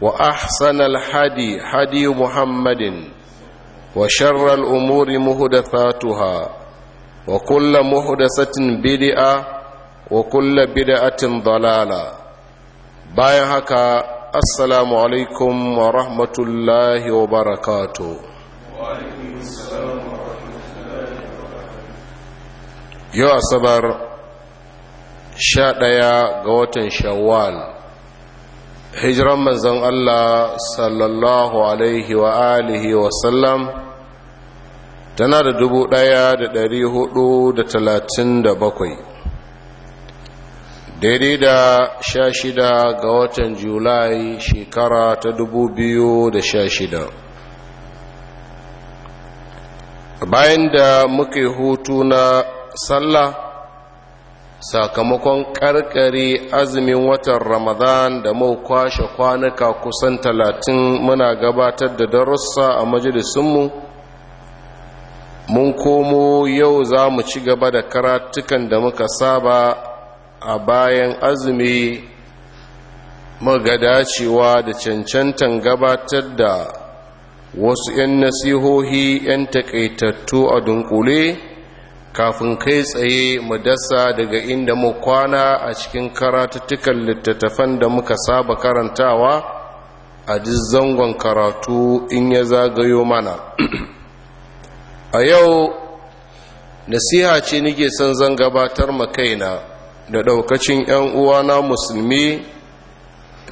وأحسن الحدي حدي محمد وشر الأمور مهدثاتها وكل مهدثة بدعة وكل بدعة ضلالة بايهك السلام عليكم ورحمة الله وبركاته وعليكم السلام ورحمة الله وبركاته يا صبر شاء يا قوة شوال hijiran manzan Allah sallallahu alaihi wa alihi wa sallam tana da dubu ɗaya da dari hudu da talatin da bakwai daidai da sha shida ga watan julai shekara ta dubu biyu da sha shida bayan da muka hutu na sallah sakamakon karkare azumin watan ramadan da mu kwashe kwanuka kusan talatin muna gabatar da darussa a majalisunmu mun komo yau za mu ci gaba da karatukan da muka saba a bayan azumi muga dacewa da cancantan gabatar da wasu 'yan nasihohi 'yan takaitattu a dunkule kafin kai tsaye mu dasa daga inda mu kwana a cikin karatuttukan littattafan da muka saba karantawa a duk zangon karatu in ya zagayo mana a yau nasiha ce nake son zan gabatar ma kaina da ɗaukacin 'yan uwana musulmi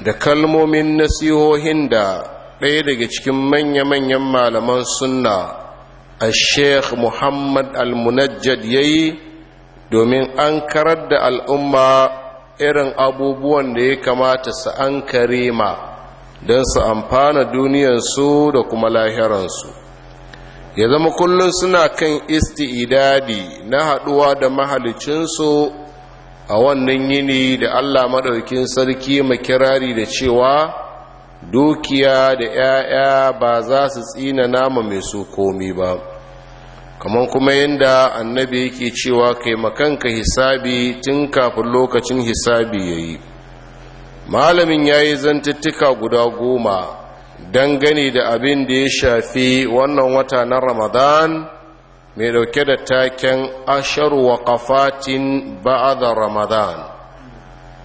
da kalmomin nasihohin da ɗaya daga cikin manya-manyan malaman sunna a sheikh muhammad al-munajjad ya yi domin an karar da al'umma irin abubuwan da ya kamata su an ma don su amfana duniyarsu da kuma lahiransu ya zama kullum suna kan isti'idadi na haɗuwa da mahalicinsu a wannan yini da allah maɗaukin sarki makirari da cewa dukiya da 'ya'ya ba za su tsina nama mai su komi ba kamar kuma yadda annabi yake cewa kai makanka hisabi tun kafin lokacin hisabi ya yi malamin ya yi zantuttuka guda goma dangane da abin da ya shafi wannan wata na ramadan mai dauke da taken ashar wa kafatin ba'adar ramadan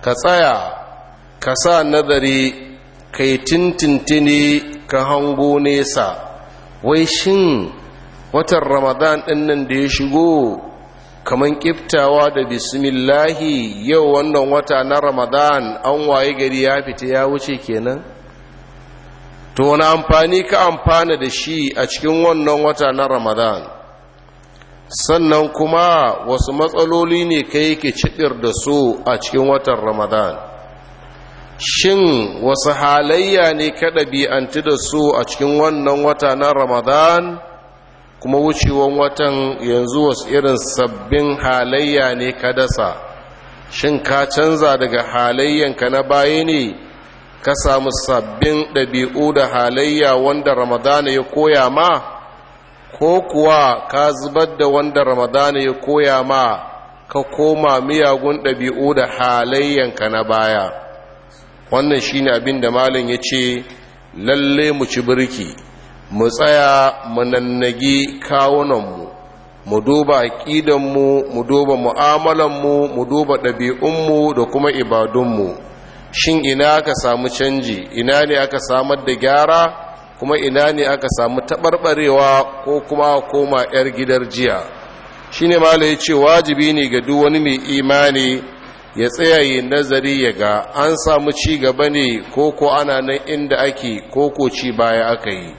ka tsaya ka sa nazari kai tintintini ka hango nesa wai shin watan ramadan ɗin nan da ya shigo kamar kiftawa da bismillahi yau wannan wata na ramadan an waye gari ya fita ya wuce kenan to wani amfani ka amfana da shi a cikin wannan wata na ramadan sannan kuma wasu matsaloli ne ka yake cibir da su a cikin watan ramadan shin wasu halayya ne ka ɗabi'anti da su a cikin wannan wata na ramadan kuma wucewan watan yanzu wasu irin sabbin halayya ne ka dasa shin ka canza daga halayyanka na baya ne ka samu sabbin ɗabi'u da halayya wanda ramadan ya koya ma ko kuwa ka zubar da wanda ramadan ya koya ma ka koma miyagun ɗabi'u da halayyanka na baya wannan ne abin da malam ya ce lalle mu ci birki mu tsaya mu nannage kawunanmu mu duba aƙidanmu mu duba mu'amalanmu mu duba ɗabi'unmu da kuma ibadunmu shin ina aka samu canji ina ne aka samar da gyara kuma ina ne aka samu taɓarɓarewa ko kuma koma 'yar gidar jiya shi ne mala ya ce wajibi ne ga duk wani mai imani ya tsayayi nazari ya ga an samu ci gaba ne ko ko ana nan inda ake ko ko ci baya aka yi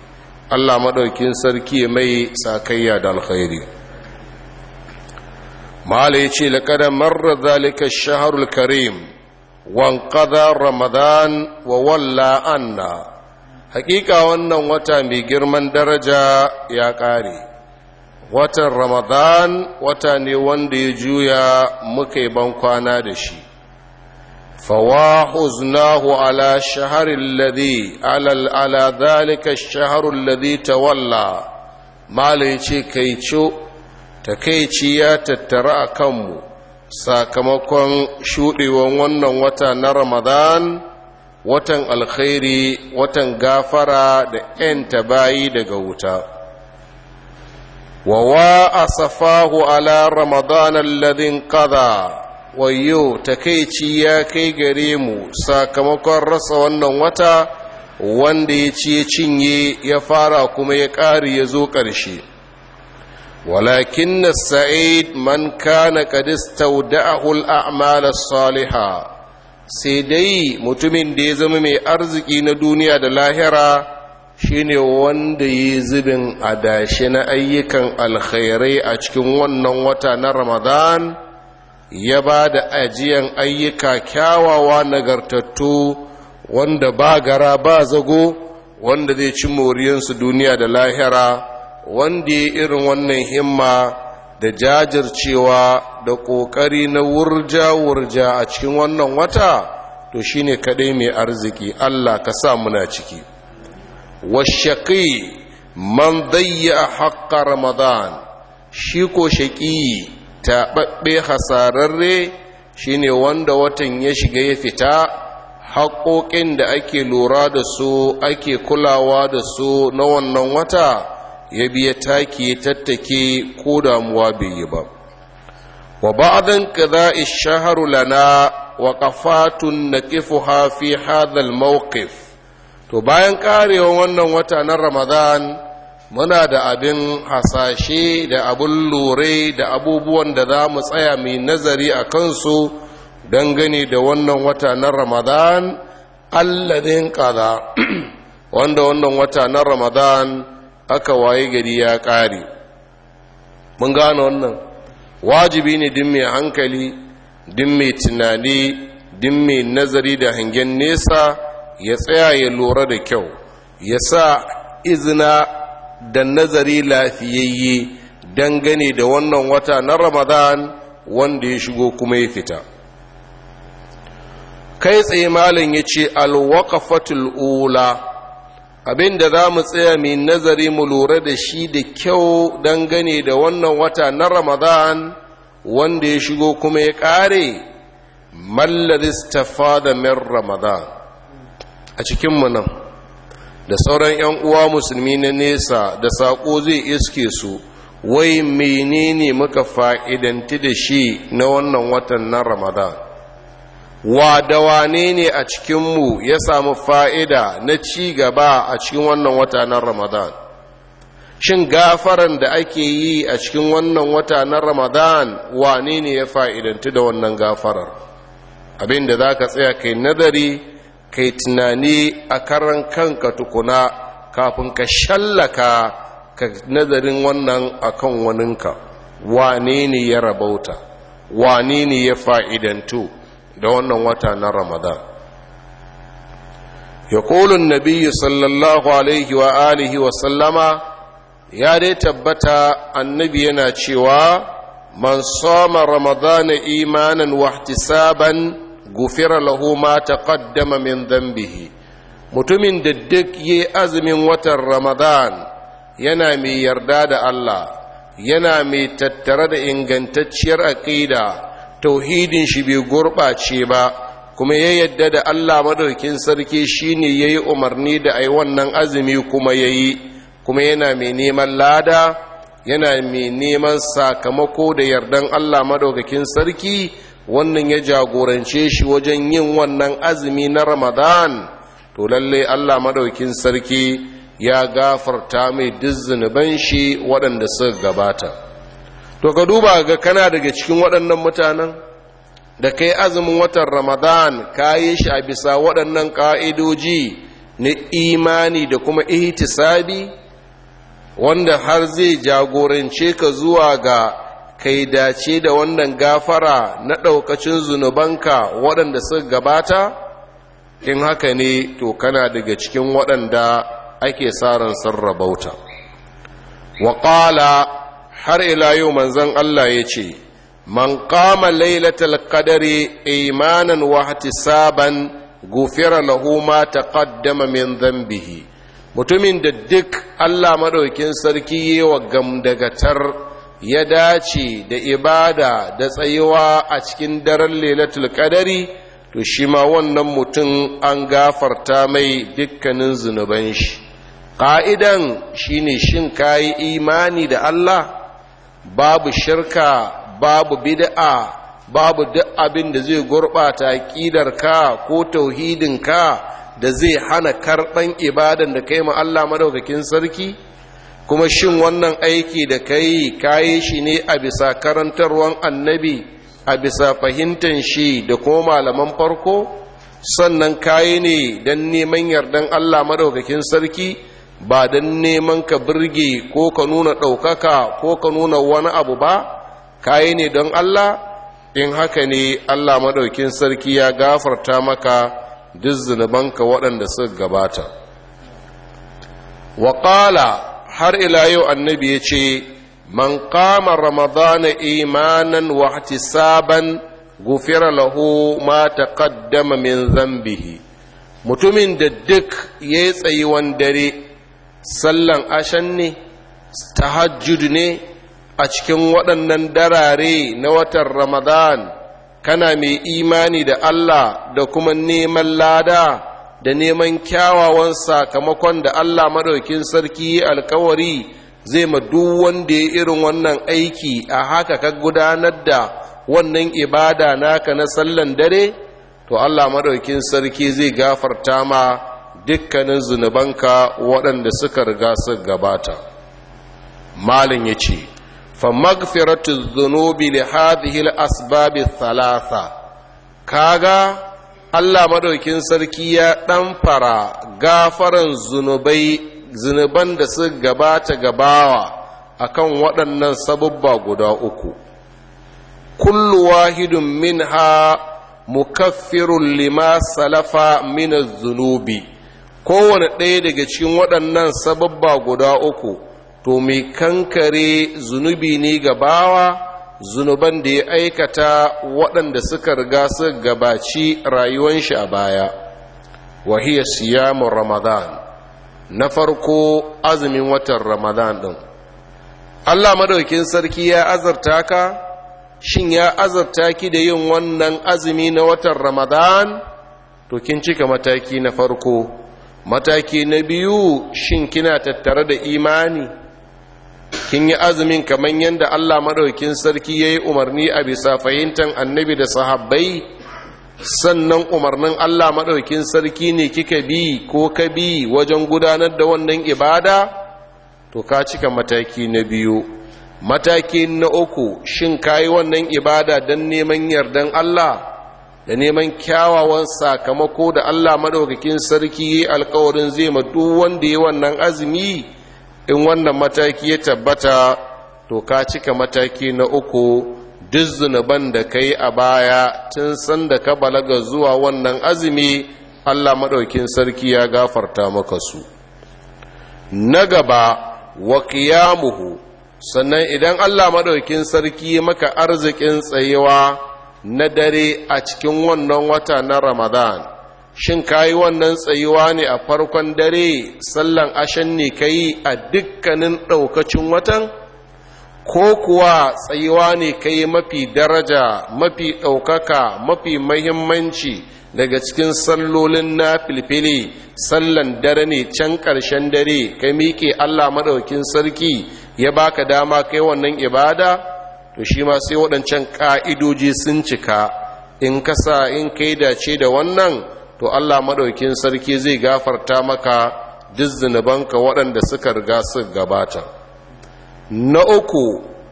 allah maɗaukin sarki mai sakayya da alkhairi mahala ya ce laƙada marar zalika shaharul karim wanƙada ramadan wa walla anna haƙiƙa wannan wata mai girman daraja ya ƙare watan ramadan wata ne wanda ya juya muka yi bankwana da shi fawahuznahu ala shaharin alal ala zalika shaharun ta walla. malin ce kai takaici ya tattara a kanmu sakamakon shuɗewan wannan wata na ramadan watan alkhairi watan gafara da 'yan bayi daga wuta wa asafahu ala ramadan alladhin qada wayo takaici ya kai gare mu sakamakon rasa wannan wata wanda ya ci ya cinye ya fara kuma ya ƙari ya zo ƙarshe walakin sa'id man kana qadista da'ahul a'mal as-salihah sai dai mutumin da ya zama mai arziki na duniya da lahira shine wanda yi zubin adashi na ayyukan alkhairai a cikin wannan wata na ramadan ya ba da ajiyan ayyuka kyawawa nagartattu wanda ba gara ba zago wanda zai ci moriyansu duniya da lahira wanda ya irin wannan himma da jajircewa da ƙoƙari na wurja-wurja a cikin wannan wata to shine kaɗai mai arziki allah ka sa muna ciki kai, man a haqqa ramadan shi ko shaqi hasararre shine wanda watan ya shiga ya fita haƙoƙin da ake lura da su ake kulawa da su na wannan wata ya biya take tattake ko damuwa bai yi ba wa ba'dan qada'i shaharu lana wa ƙafatun naqifuha fi hadha mawqif to bayan karewa wannan wata na ramadan muna da abin hasashe da abin lura da abubuwan da za mu tsaya mai nazari a kansu dangane da wannan wata na ramadan alladin kaza wanda wannan wata na ramadan aka waye gari ya kare mun gane wannan wajibi ne din mai hankali din mai tunani din mai nazari da hangen nesa ya tsaya ya lura da kyau ya sa izina da nazari lafiyayye dangane da wannan wata na ramadan wanda ya shigo kuma ya fita kai tsaye malin ya ce alwakafatul ula abin da za mu tsaya mai nazari mu lura da shi da kyau dangane da wannan wata na ramadan wanda ya shigo kuma ya ƙare mallari stafa da min ramadan a cikinmu nan da sauran 'yan uwa musulmi na nesa da saƙo zai iske su wai menene muka fa'idanti da shi na wannan watan na ramadan wa da wane ne a cikinmu ya samu fa'ida na ci gaba a cikin wannan wata na ramadan shin gafaran da ake yi a cikin wannan wata na ramadan wane ne ya fa'idanti da wannan gafarar abin da za ka tsaya kai nazari kai tunani a karan kanka tukuna kafin ka shallaka ka nazarin wannan akan waninka wane ne ya rabauta wane ne ya fa'idantu da wannan wata na ramadan ya kolin nabi sallallahu alaihi wa alihi wa sallama ya dai tabbata annabi yana cewa man soma ramadana imanin wahtisaban gufira lahu ma taqaddama min dhanbihi mutumin da duk yi azumin watan ramadan yana mai yarda da Allah yana mai tattare da ingantacciyar aƙida, tauhidin shi bai gurɓace ba kuma ya yadda da Allah madaukin sarki shine yayi umarni da ai wannan azumi kuma yayi kuma yana mai neman lada yana mai neman sakamako da yardan Allah madaukakin sarki wannan ya jagorance shi wajen yin wannan azumi na ramadan to lalle allah maɗaukin sarki ya gafarta mai duk zunuban shi waɗanda suka gabata to ka duba ga kana daga cikin waɗannan mutanen da kai azumin watan ramadan ka yi shi a bisa waɗannan ƙa'idoji na imani da kuma ihtisabi wanda har zai jagorance ka zuwa ga kai dace da wannan gafara na ɗaukacin zunubanka waɗanda suka gabata in haka ne to kana daga cikin waɗanda ake tsarin sarrabauta waƙala har ila yau manzan Allah ya ce man kama lailatul qadari imanan wa saban gufira lahuma ta taqaddama min zambihi mutumin da duk Allah maɗaukin sarki yi wa gamdagatar ya dace da ibada da tsayuwa a cikin daren lelatul kadari to shi ma wannan mutum an gafarta mai dukkanin zunuban shi ƙa'idan shine shin kayi imani da Allah babu shirka babu bid'a babu duk abin da zai gurɓata ka ko tauhidinka da zai hana karɓan ibadan da kai ma Allah madaukakin sarki kuma shin wannan aiki da ka kayi ka shi ne a bisa karantarwan annabi a bisa fahimtar shi da kuma malaman farko sannan ka yi ne don neman yardan allah madaukakin sarki ba don neman ka birge ko ka nuna ɗaukaka ko ka nuna wani abu ba ka yi ne don allah in haka ne allah madaukin sarki ya gafarta maka duk zunubanka waɗanda suka gabata Wakala. har ila yau annabi ya ce man kama ramadana imanan wa saban gufira lahu ma taqaddama min zambihi mutumin da duk ya yi tsayuwan dare sallan ashan ne tahajjud ne a cikin waɗannan darare na watan ramadan kana mai imani da Allah da kuma neman lada da neman kyawawan sakamakon da Allah maɗaukin sarki alkawari zai ma duk wanda ya irin wannan aiki a haka ka gudanar da wannan ibada naka na sallan dare to Allah maɗaukin sarki zai gafarta ma dukkanin zunubanka waɗanda suka riga su gabata malin ya ce fa magfiratu zunubi li hadhihi al-asbab thalatha kaga Allah madaukin sarki ya fara gafaran zunubai zunuban da su gabata gabawa akan waɗannan sabubba guda uku kullu wahidun minha mukaffirun lima salafa min zunubi kowane ɗaya daga cikin waɗannan sababba guda uku to mai kankare zunubi ne gabawa zunuban da ya aikata waɗanda suka riga su gabaci rayuwan shi a baya wahiyar siyamun ramadan na farko azumin watan ramadan ɗin allah madaukin sarki ya azarta ka shin ya azarta ki da yin wannan azumi na watan ramadan to kin cika mataki na farko mataki na biyu shin kina tattare da imani kin yi azumin kamar yadda Allah maɗaukin sarki ya yi umarni a bisa fahimtar annabi da sahabbai sannan umarnin Allah maɗaukin sarki ne kika bi ko ka bi wajen gudanar da wannan ibada to ka cika mataki na biyu mataki na uku shin ka yi wannan ibada don neman yardan Allah da neman kyawawan sakamako da Allah maɗaukakin sarki ya yi alkawarin zai ma duk wanda ya wannan azumi in wannan mataki ya tabbata to ka cika mataki na uku duk zunuban da ka a baya tun san da ka balaga zuwa wannan azumi allah maɗaukin sarki ya gafarta maka su na gaba wa ƙiyamuhu sannan idan allah maɗaukin sarki maka arzikin tsayewa na dare a cikin wannan wata na ramadan shin kayi wannan tsayuwa ne a farkon dare sallan ashen ne ka yi a dukkanin ɗaukacin watan ko kuwa tsayuwa ne ka yi mafi daraja mafi ɗaukaka mafi mahimmanci daga cikin sallolin na filfili sallan dare ne can ƙarshen dare ka miƙe allah maɗaukin sarki ya baka dama kai wannan ibada to shi ma sai waɗancan ƙa'idoji sun cika in kasa in kai dace da wannan to Allah maɗaukin sarki zai gafarta maka duk zunubanka waɗanda suka riga su gabata na uku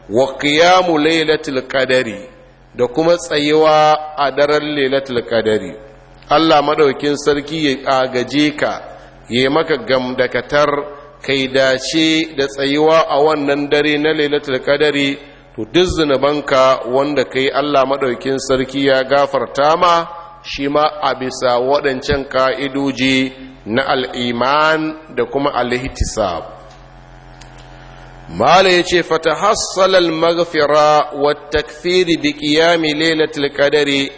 wa qiyamu lailatul qadari da kuma tsayuwa a daren lailatul qadari Allah maɗaukin sarki ya agaje ka ya maka gamdakatar kai dace da tsayuwa a wannan dare na lailatul qadari to duk zunubanka wanda kai Allah maɗaukin sarki ya gafarta ma shi ma a bisa waɗancan ka'iduji na al'iman da kuma al'ihtisab mala ya ce fata hassalar magafira wa takfiri bi ƙiyami lailatul qadari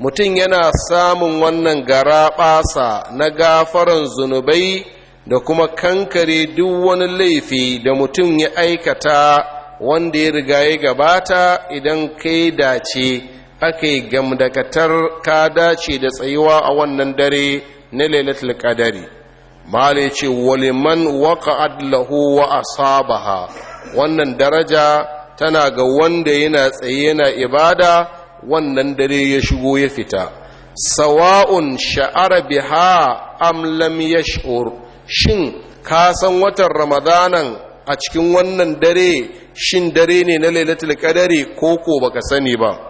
mutum yana samun wannan gara ɓasa na gafaran zunubai da kuma kankare duk wani laifi da mutum ya aikata wanda ya riga ya gabata idan kai dace aka yi gamdakatar ka dace da tsayuwa a wannan dare na lailatul qadari mala ce waliman waqa'ad lahu wa asabaha wannan daraja tana ga wanda yana tsaye yana ibada wannan dare ya shigo ya fita sawa'un sha'ara biha am lam yash'ur shin ka san watan ramadanan a cikin wannan dare shin dare ne na lailatul qadari ko ko baka sani ba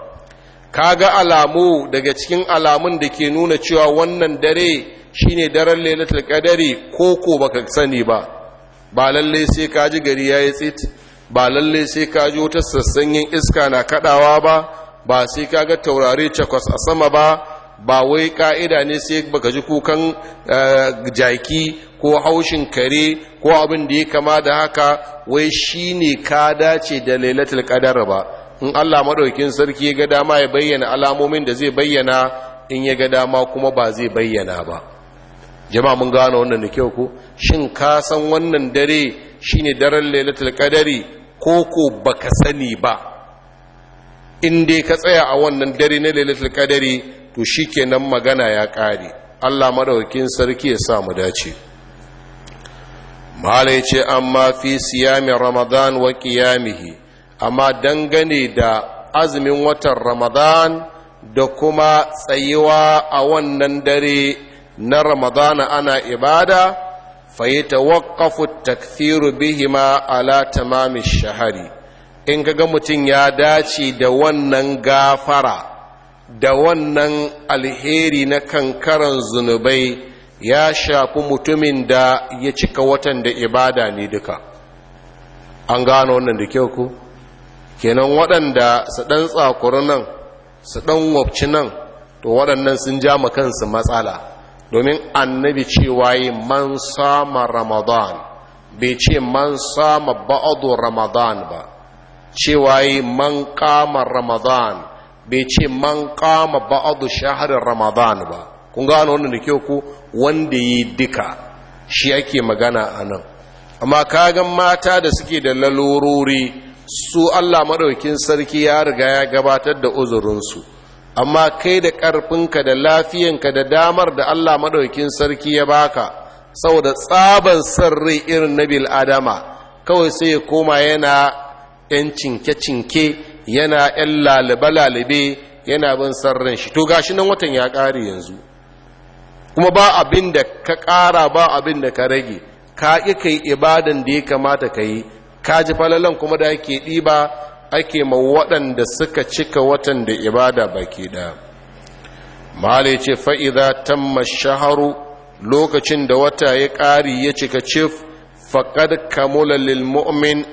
Ka ga alamu daga cikin alamun da ke nuna cewa wannan dare shine daren lailatul kadari ko ko baka sani ba ba lalle sai ka ji gari yayi tsit ba lalle sai ka ji wata sassanyen iska na kadawa ba ba sai ka ga taurari cakwas a sama ba ba wai ka'ida ne sai baka ji kukan eh, jaki ko haushin kare ko abin da ya kama da haka wai shine ka dace da lailatul qadar ba in Allah maɗaukin sarki ya ga dama ya bayyana alamomin da zai bayyana in ya ga dama kuma ba zai bayyana ba jama'a mun gano wannan da kyau ko shin ka san wannan dare shine daren lailatul qadari ko ko baka sani ba in dai ka tsaya a wannan dare na lailatul qadari to shikenan magana ya kare Allah madaukin sarki ya sa mu dace malai ce amma fi siyamin ramadan wa qiyamihi amma dangane da azumin watan ramadan da kuma tsayewa a wannan dare na ramadana ana ibada fayyata waƙafu takfiru bihima ala tamamin shahari in ga mutum ya dace da wannan gafara da wannan alheri na kankaran zunubai ya shafi mutumin da ya cika watan da ibada ne duka an gano wannan da kyau ku kenan waɗanda su ɗan tsakuri nan su ɗan wabci nan to waɗannan sun ja kansu matsala domin annabi cewa yi man sama ramadan bai ce man sama ba'adu ramadan ba cewa yi man kama ramadan bai ce man kama ba'adu shaharar ramadan ba kun gano wannan da kyau ku wanda yi duka shi ake magana a nan amma kagan mata da suke da lalururi. su Allah maɗaukin sarki ya riga ya gabatar da uzurinsu amma kai da ƙarfinka da lafiyanka da damar da Allah maɗaukin sarki ya baka saboda tsaban sarri rai irin na bil'adama kawai sai ya koma yana 'yan cinke-cinke yana 'yan lalibe yana bin sarrin shi to gashi nan watan ya ƙare yanzu kuma ba abin da ka ƙara ba abin da ka rage ka ƙi kai ibadan da ya kamata ka yi kaji falalan kuma da ake ɗiba ake ma waɗanda suka cika watan da ibada baki ɗaya mali ce fa'iza ta masharu lokacin da wata ya ƙari ya cika cif faƙad kamula lil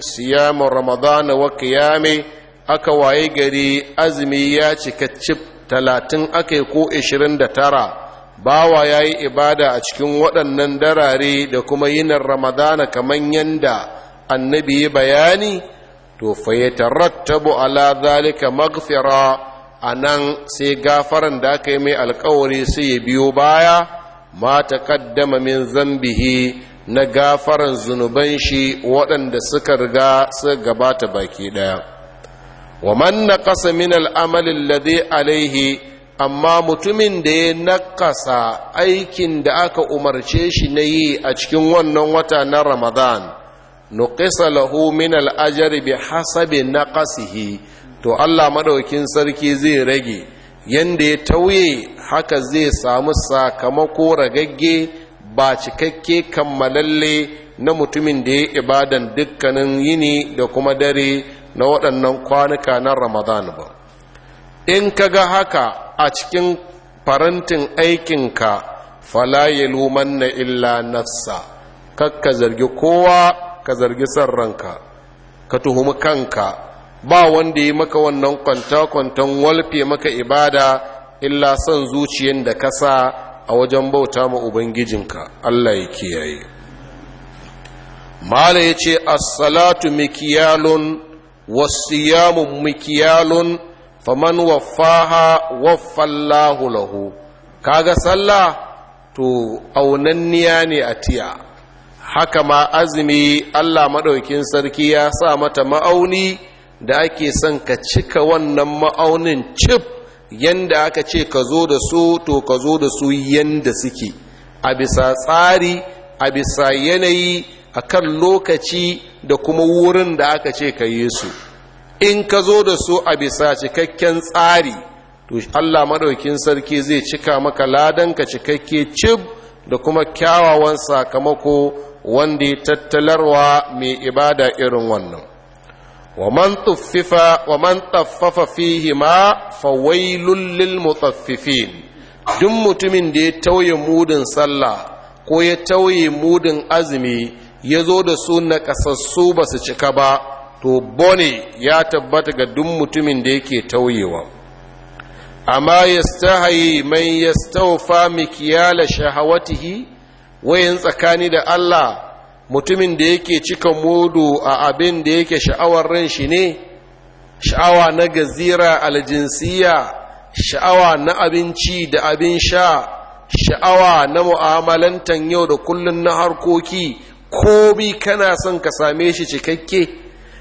siyamun ramadana wa kiyame aka waye gari azumi ya cika cif talatin aka ko ishirin da tara bawa ya yi ibada a cikin waɗannan darare da kuma yinin ramadana kamar yanda annabi ya bayani to fa ya tarattabu ala zalika maghfira anan sai gafaran da aka yi mai alkawari sai ya biyo baya ma taqaddama min zambihi na gafaran zunuban shi waɗanda suka riga suka gabata baki ɗaya wa man naqasa min al'amali alladhi Alayhi amma mutumin da ya nakasa aikin da aka umarce shi na yi a cikin wannan wata na ramadan nuqisa lahu min al-ajri bi hasabi naqasihi to Allah maɗaukin sarki zai rage yanda ya tauye haka zai samu sakamako ragagge ba cikakke kammalalle na mutumin da ya ibadan dukkanin yini da kuma dare na waɗannan kwanuka na Ramadan ba in ka ga haka a cikin farantin aikinka fala yalumanna illa nafsa kakka zargi kowa ka zargi san ranka ka tuhumi kanka ba wanda yi maka wannan kwanta-kwantan walfe maka ibada illa son zuciyar da ka a wajen bauta ma ubangijinka Allah ya kiyaye mala ya ce assalatu mikiyalun wasiyamun mikiyalun faman waffaha waffallahu lahu kaga sallah to aunanniya ne a tiya haka ma azumi Allah maɗaukin sarki ya sa mata ma'auni da ake son ka cika wannan ma'aunin cif yanda aka ce ka zo da su to ka zo da su yanda suke a bisa tsari a bisa yanayi a kan lokaci da kuma wurin da aka ce ka yi su in ka zo da su a bisa cikakken tsari to Allah maɗaukin sarki zai cika maka Ladan ka cikakke cib da kuma kyawawan sakamako wanda tattalarwa mai ibada irin wannan wa man tuffifa wa man taffafa fihi ma lil mutaffifin duk mutumin da ya tauye mudun sallah ko ya tauye mudun azumi ya zo da su kasassu ba su cika ba to bone ya tabbata ga duk mutumin da yake tauyewa amma yastahi man yastawfa mikyala shahawatihi wayan tsakani da Allah mutumin da yake cika modu a abin da yake sha'awar ran shi ne sha'awa na gazira aljinsiya sha'awa na abinci da abin sha sha'awa na mu'amalantan yau da kullun na harkoki ko bi kana son ka same shi cikakke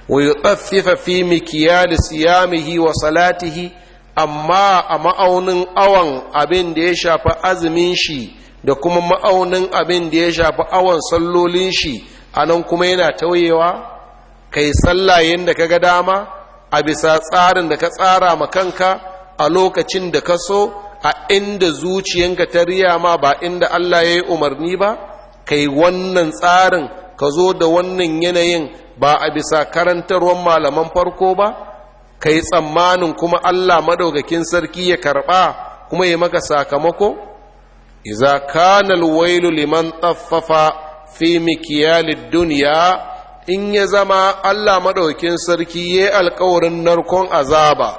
wa yutaffifa fi mikyal siyamihi wa salatihi amma a ma'aunin awan abin da ya shafi azumin shi da kuma ma'aunin abin da ya shafi awon sallolin shi a nan kuma yana tauyewa kai sallayen da ka ga dama a bisa tsarin da ka tsara ma kanka a lokacin da ka so a inda zuciyanka ta riya ma ba inda Allah ya yi umarni ba kai wannan tsarin ka zo da wannan yanayin ba a bisa karantarwar malaman farko ba kai tsammanin kuma Allah madaukakin sarki ya karɓa kuma ya maka sakamako iza kana liman tsaffafa fi duniya in ya zama Allah maɗaukin sarki ya alkawarin narkon azaba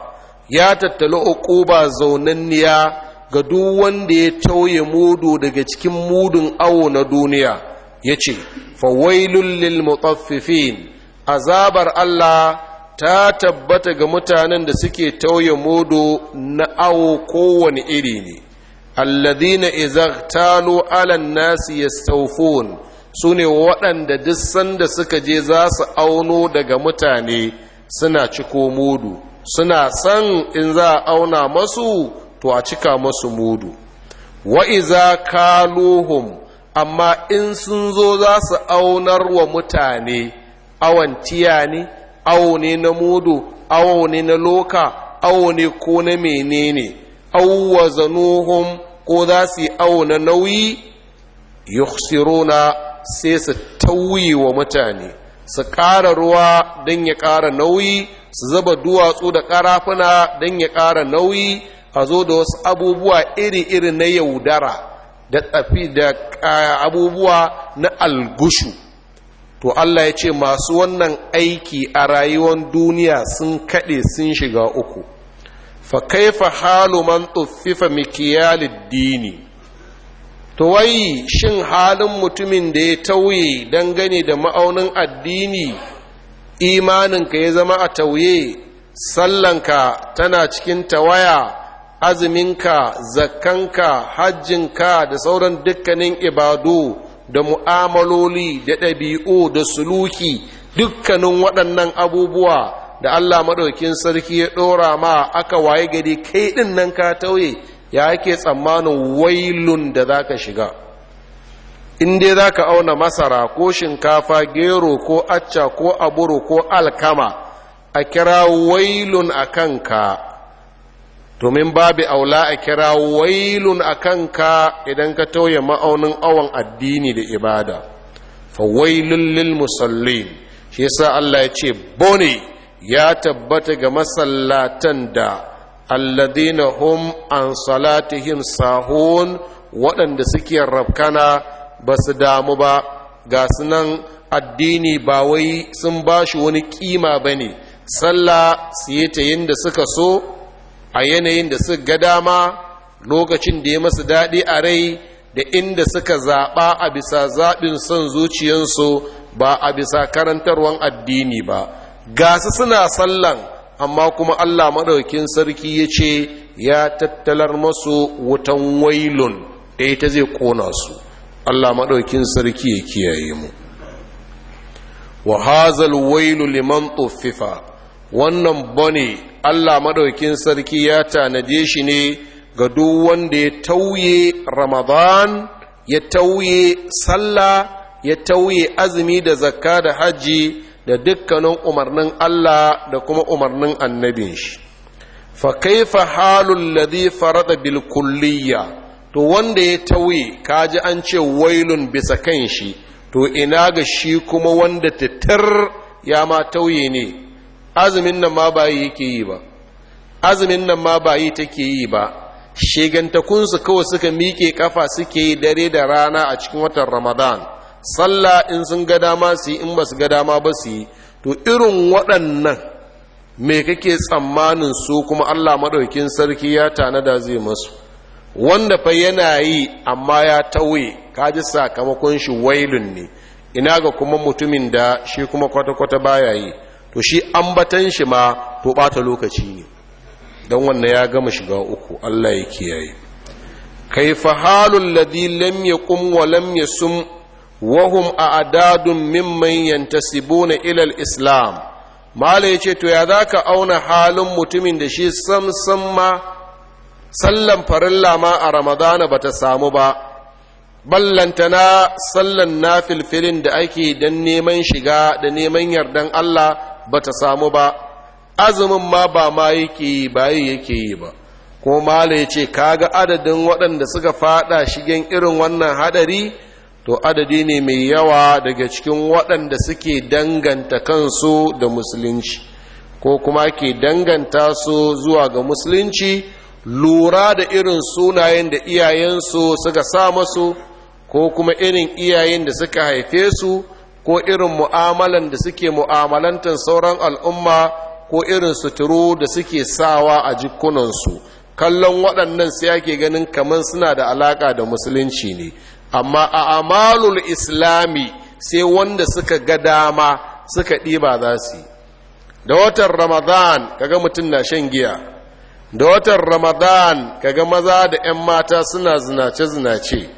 ya tattali uquba zaunanniya ga duk wanda ya tauye mudu daga cikin mudun awo na duniya ya ce fawailun lil mutaffifin azabar Allah ta tabbata ga mutanen da suke tauye mudu na awo kowane iri ne alladhina izagtalu alan nasi yastawfun sune waɗanda duk sanda suka je za su auno daga mutane suna ciko mudu suna san in za a auna masu to a cika masu mudu wa iza kaluhum amma in sun zo za su aunar wa mutane awon tiyani ne awo ne na mudu awo ne na loka awo ne ko na menene awwazanuhum ko za su yi na nauyi yukhsiruna sai su tauye wa mutane su ƙara ruwa don ya ƙara nauyi su zaba duwatsu da ƙarafuna don ya ƙara nauyi a zo da wasu abubuwa iri-iri na yaudara da tsafi da abubuwa na algushu to Allah ya ce masu wannan aiki a rayuwar duniya sun kaɗe sun shiga uku fa kaifa halu man tuffifa mikiyalid dini to wai shin halin mutumin da ya tauye gani da ma'aunin addini imaninka ya zama a tauye sallanka tana cikin tawaya azuminka zakkanka hajjinka da sauran dukkanin ibadu da mu'amaloli da ɗabi'u da suluki dukkanin waɗannan abubuwa da Allah maɗaukin sarki ya ɗora ma aka waye gari kai ɗin nan ka tauye ya ake tsammanin wailun da za ka shiga in dai za ka auna masara ko shinkafa gero ko acca ko aburu, ko alkama a kira wailun a kanka domin babu aula a kira wailun a kanka idan ka tauye ma'aunin awon addini da ibada fa wailun lil musallin shi yasa Allah ya ce bone ya tabbata ga masallatan da alladina hum an salatihim sahun waɗanda suke rabkana ba su damu ba ga sunan addini ba wai sun ba shi wani kima ba ne sallah su yi ta yin da suka so a yanayin da suka ga dama lokacin da ya masu daɗi a rai da inda suka zaɓa a bisa zaɓin son zuciyarsu ba a bisa karantarwan addini ba gasu suna sallan amma kuma Allah maɗaukin sarki ya ce ya tattalar masu wutan wailun da eh, ita zai ƙona su Allah maɗaukin sarki ya kiyaye mu wa hazal wailu liman tuffifa wannan bane Allah maɗaukin sarki ya tanaje shi ne ga duk wanda ya tauye ramadan ya tauye sallah ya tauye azumi da zakka da hajji da dukkanin umarnin Allah da kuma umarnin annabin shi fa kaifa halul ladhi farada bil kulliyya to wanda ya tauye kaji an ce wailun bisa kan shi to ina ga shi kuma wanda tattar ya ma tauye ne azumin nan ma ba yake yi ba azumin nan ma ba yi take yi ba shegantakunsu kawai suka miƙe kafa suke dare da rana a cikin watan ramadan sallah in sun ga dama su yi in ba su ga dama ba su yi to irin waɗannan me kake tsammanin su kuma allah maɗaukin sarki ya tanada zai masu wanda fa yana yi amma ya tauye kaji sakamakon shi wailun ne ina ga kuma mutumin da shi kuma kwata-kwata baya yi to shi ambatan shi ma to ɓata lokaci ne don wannan ya gama shiga uku allah ya kiyaye kai fa halun ladi lam yaqum wa lam wahum a adadun mimman yantasibuna ilal islam mala ya ce to ya za ka auna halin mutumin da shi samsam ma sallan farin ma a ramadana ba ta samu ba na sallan na filfilin da ake don neman shiga da neman yardan allah ba ta samu ba azumin ma ba ma yake yi ba yake yi ba kuma mala ya ce adadin waɗanda suka fada shigen irin wannan hadari to adadi ne mai yawa daga cikin waɗanda suke danganta kansu da musulunci ko kuma ke danganta su zuwa ga musulunci lura da irin sunayen da iyayensu suka sa masu ko kuma irin iyayen da suka haife su ko irin mu'amalan da suke mu'amalantar sauran al'umma ko irin suturu da suke sawa a jikunansu kallon waɗannan sai ake ganin kamar suna da alaƙa da musulunci ne amma a amalul islami sai wanda suka ga dama suka ɗiba za su da watan ramadan kaga mutum na shan giya da watan ramadan kaga maza da 'yan mata suna zinace-zinace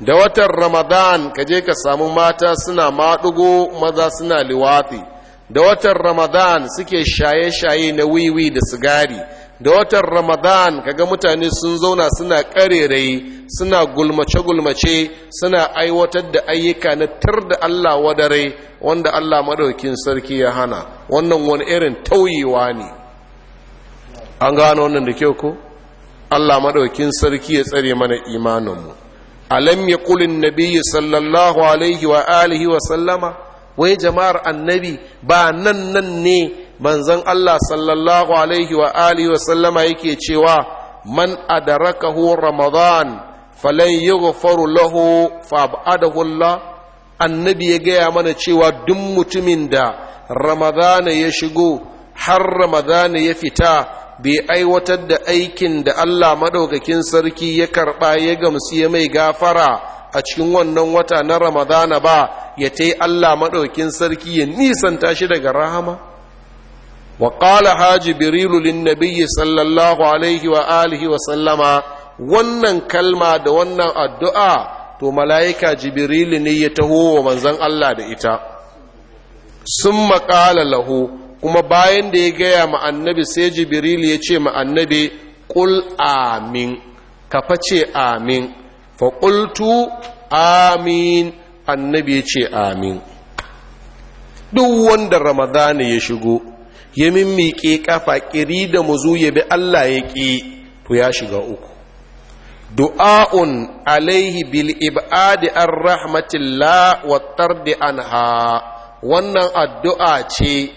da watan ramadan ka je ka samu mata suna maɗugo maza suna liwafi da watan ramadan suke shaye-shaye na wiwi da sigari da watan ramadan kaga mutane sun zauna suna ƙarerayi suna gulmace-gulmace suna aiwatar da ayyuka na tar da allah wadare wanda allah maɗaukin sarki ya hana wannan wani irin tauyewa ne an gano wannan da kyau ko allah maɗaukin sarki ya tsare mana imaninmu alam ya kulin nabi sallallahu alaihi wa alihi wa sallama wai jama'ar annabi ba nan nan ne manzon Allah sallallahu alaihi wa alihi wa sallama yake cewa man adarakahu ramadan falan yughfaru lahu fa'adahu Allah annabi ya gaya mana cewa duk mutumin da ramadana ya shigo har ramadana ya fita bai aiwatar da aikin da Allah maɗaukakin sarki ya karɓa ya gamsu ya mai gafara a cikin wannan wata na ramadana ba ya ta yi allah maɗaukakin sarki ya nisan tashi daga rahama وقال حاج بريل للنبي صلى الله عليه وآله وسلم wannan kalma da wannan addu'a to mala'ika Jibirili ne ya taho wa manzan Allah da ita sun maƙala lahu kuma bayan da ya gaya ma'annabi sai jibril ya ce ma'annabi ƙul amin ka face amin faƙultu amin annabi ya ce amin duk wanda ramadana ya shigo ya mimmiƙe ƙafa ƙiri da mu ya bi Allah ya ƙi to ya shiga uku du'a'un alaihi bil ibadi ar rahmatillah wa tardi anha wannan addu'a ce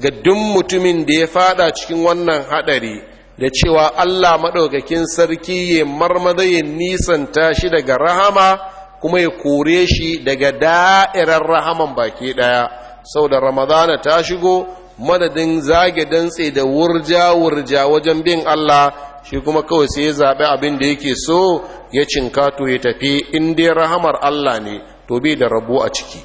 ga duk mutumin da ya fada cikin wannan hadari da cewa Allah maɗaukakin sarki ya marmada ya nisanta shi daga rahama kuma ya kore shi daga da'irar rahaman baki ɗaya sau da ramadana ta shigo madadin zage dantse da wurja wurja wajen bin Allah shi kuma kawai sai ya zaɓi abin da yake so ya cinka to ya tafi in dai rahamar Allah ne to bai da rabu a ciki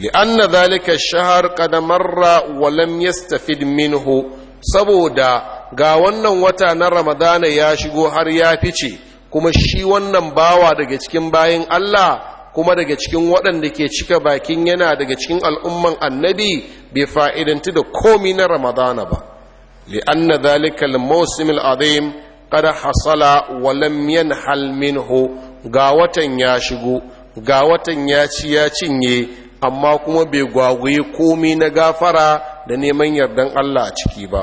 li'anna zalika shahar qad marra wa lam yastafid minhu saboda ga wannan wata na Ramadana ya shigo har ya fice kuma shi wannan bawa daga cikin bayin Allah kuma daga cikin waɗanda ke cika bakin yana daga cikin al'umman annabi bai fa'idanti da komi na ramadana ba li'anna zalika al-mawsim al-azim qad hasala wa lam yanhal minhu ga watan ya shigo ga watan ya ci ya cinye amma kuma bai gwagwaye komi na gafara da neman yardan Allah a ciki ba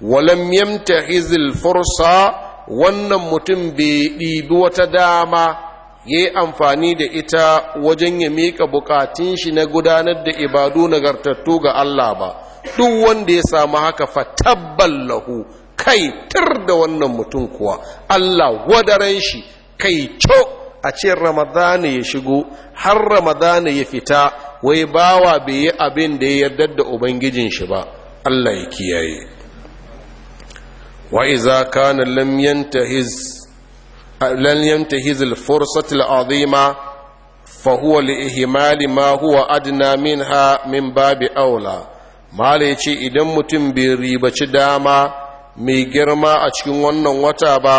walam yamtahizil fursa wannan mutum bai dibi wata dama ya yi amfani da ita wajen ya mika bukatun shi na gudanar da ibadu nagartattu ga Allah ba duk wanda ya samu haka fa lahu kai tur da wannan mutum kuwa Allah wadaren shi kai co a ce ramadana ya shigo har ramadana ya fita wai bawa bai yi abin da ya yarda da ubangijin shi ba Allah ya kiyaye wa iza kana lam yantahiz lan yantahiz al fursat al azima fa huwa li ihmal ma huwa adna minha min babi aula mala yace idan mutum bai riba ci dama mai girma a cikin wannan wata ba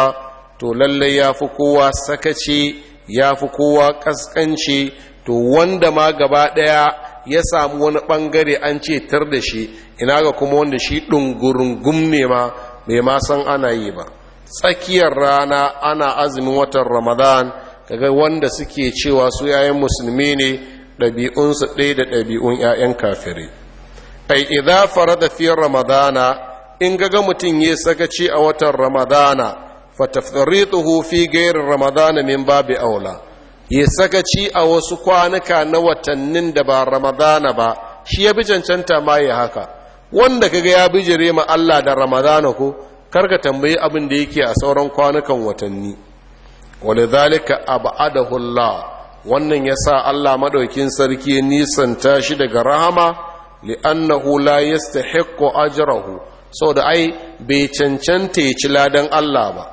to lallai ya fi kowa sakaci ya fi kowa kaskanci to wanda ma gaba ɗaya ya samu wani ɓangare an ce tar da shi ina ga kuma wanda shi ɗungurungum ne ma bai ma san ana yi ba tsakiyar rana ana azumin watan ramadan kaga wanda suke cewa su yayan musulmi ne ɗabi'unsu ɗaya da ɗabi'un 'ya'yan kafiri ai idza farada fi ramadana in gaga mutum ya sakaci a watan ramadana fatafrituhu fi ghairi ramadana min babi aula ya sakaci a wasu kwanuka na watannin da ba ramadana ba shi ya bi cancanta ma ya haka wanda kaga ya bijire ma Allah da ramadana ko karka tambayi abin da yake a sauran kwanukan watanni wani zalika abu wannan ya sa allah maɗaukin sarki nisanta shi daga rahama li'annahu la yastahiqqu ajrahu da ai bai cancanta ya ci ladan allah ba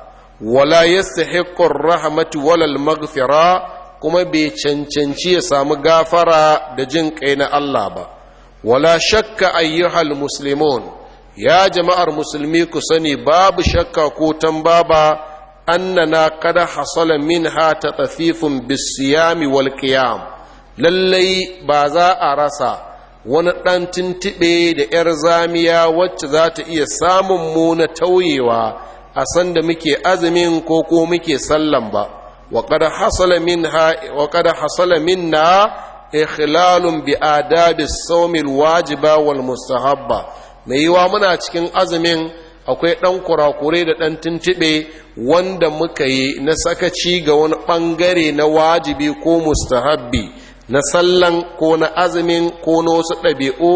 wala yastahiqqu rahmatu walal magfira kuma bai cancanci ya samu gafara da jin kai na allah ba wala shakka ayyuhal muslimun ya jama'ar musulmi ku sani babu shakka ko tambaba annana kada hasala minha ta tafifin bisiyami wal qiyam lallai ba za a rasa wani ɗan tuntuɓe da ‘yar zamiya wacce za ta iya samun mu na tauyewa a sanda muke azumin ko ko muke sallan ba wa kada hasala minna ikhlalun bi adabi saumil wajiba wal mustahabba mai yiwa muna cikin azumin akwai ɗan kurakure da ɗan tuntuɓe wanda muka yi na sakaci ga wani ɓangare na wajibi ko mustahabbi na sallan ko na azumin ko na wasu ɗabi'u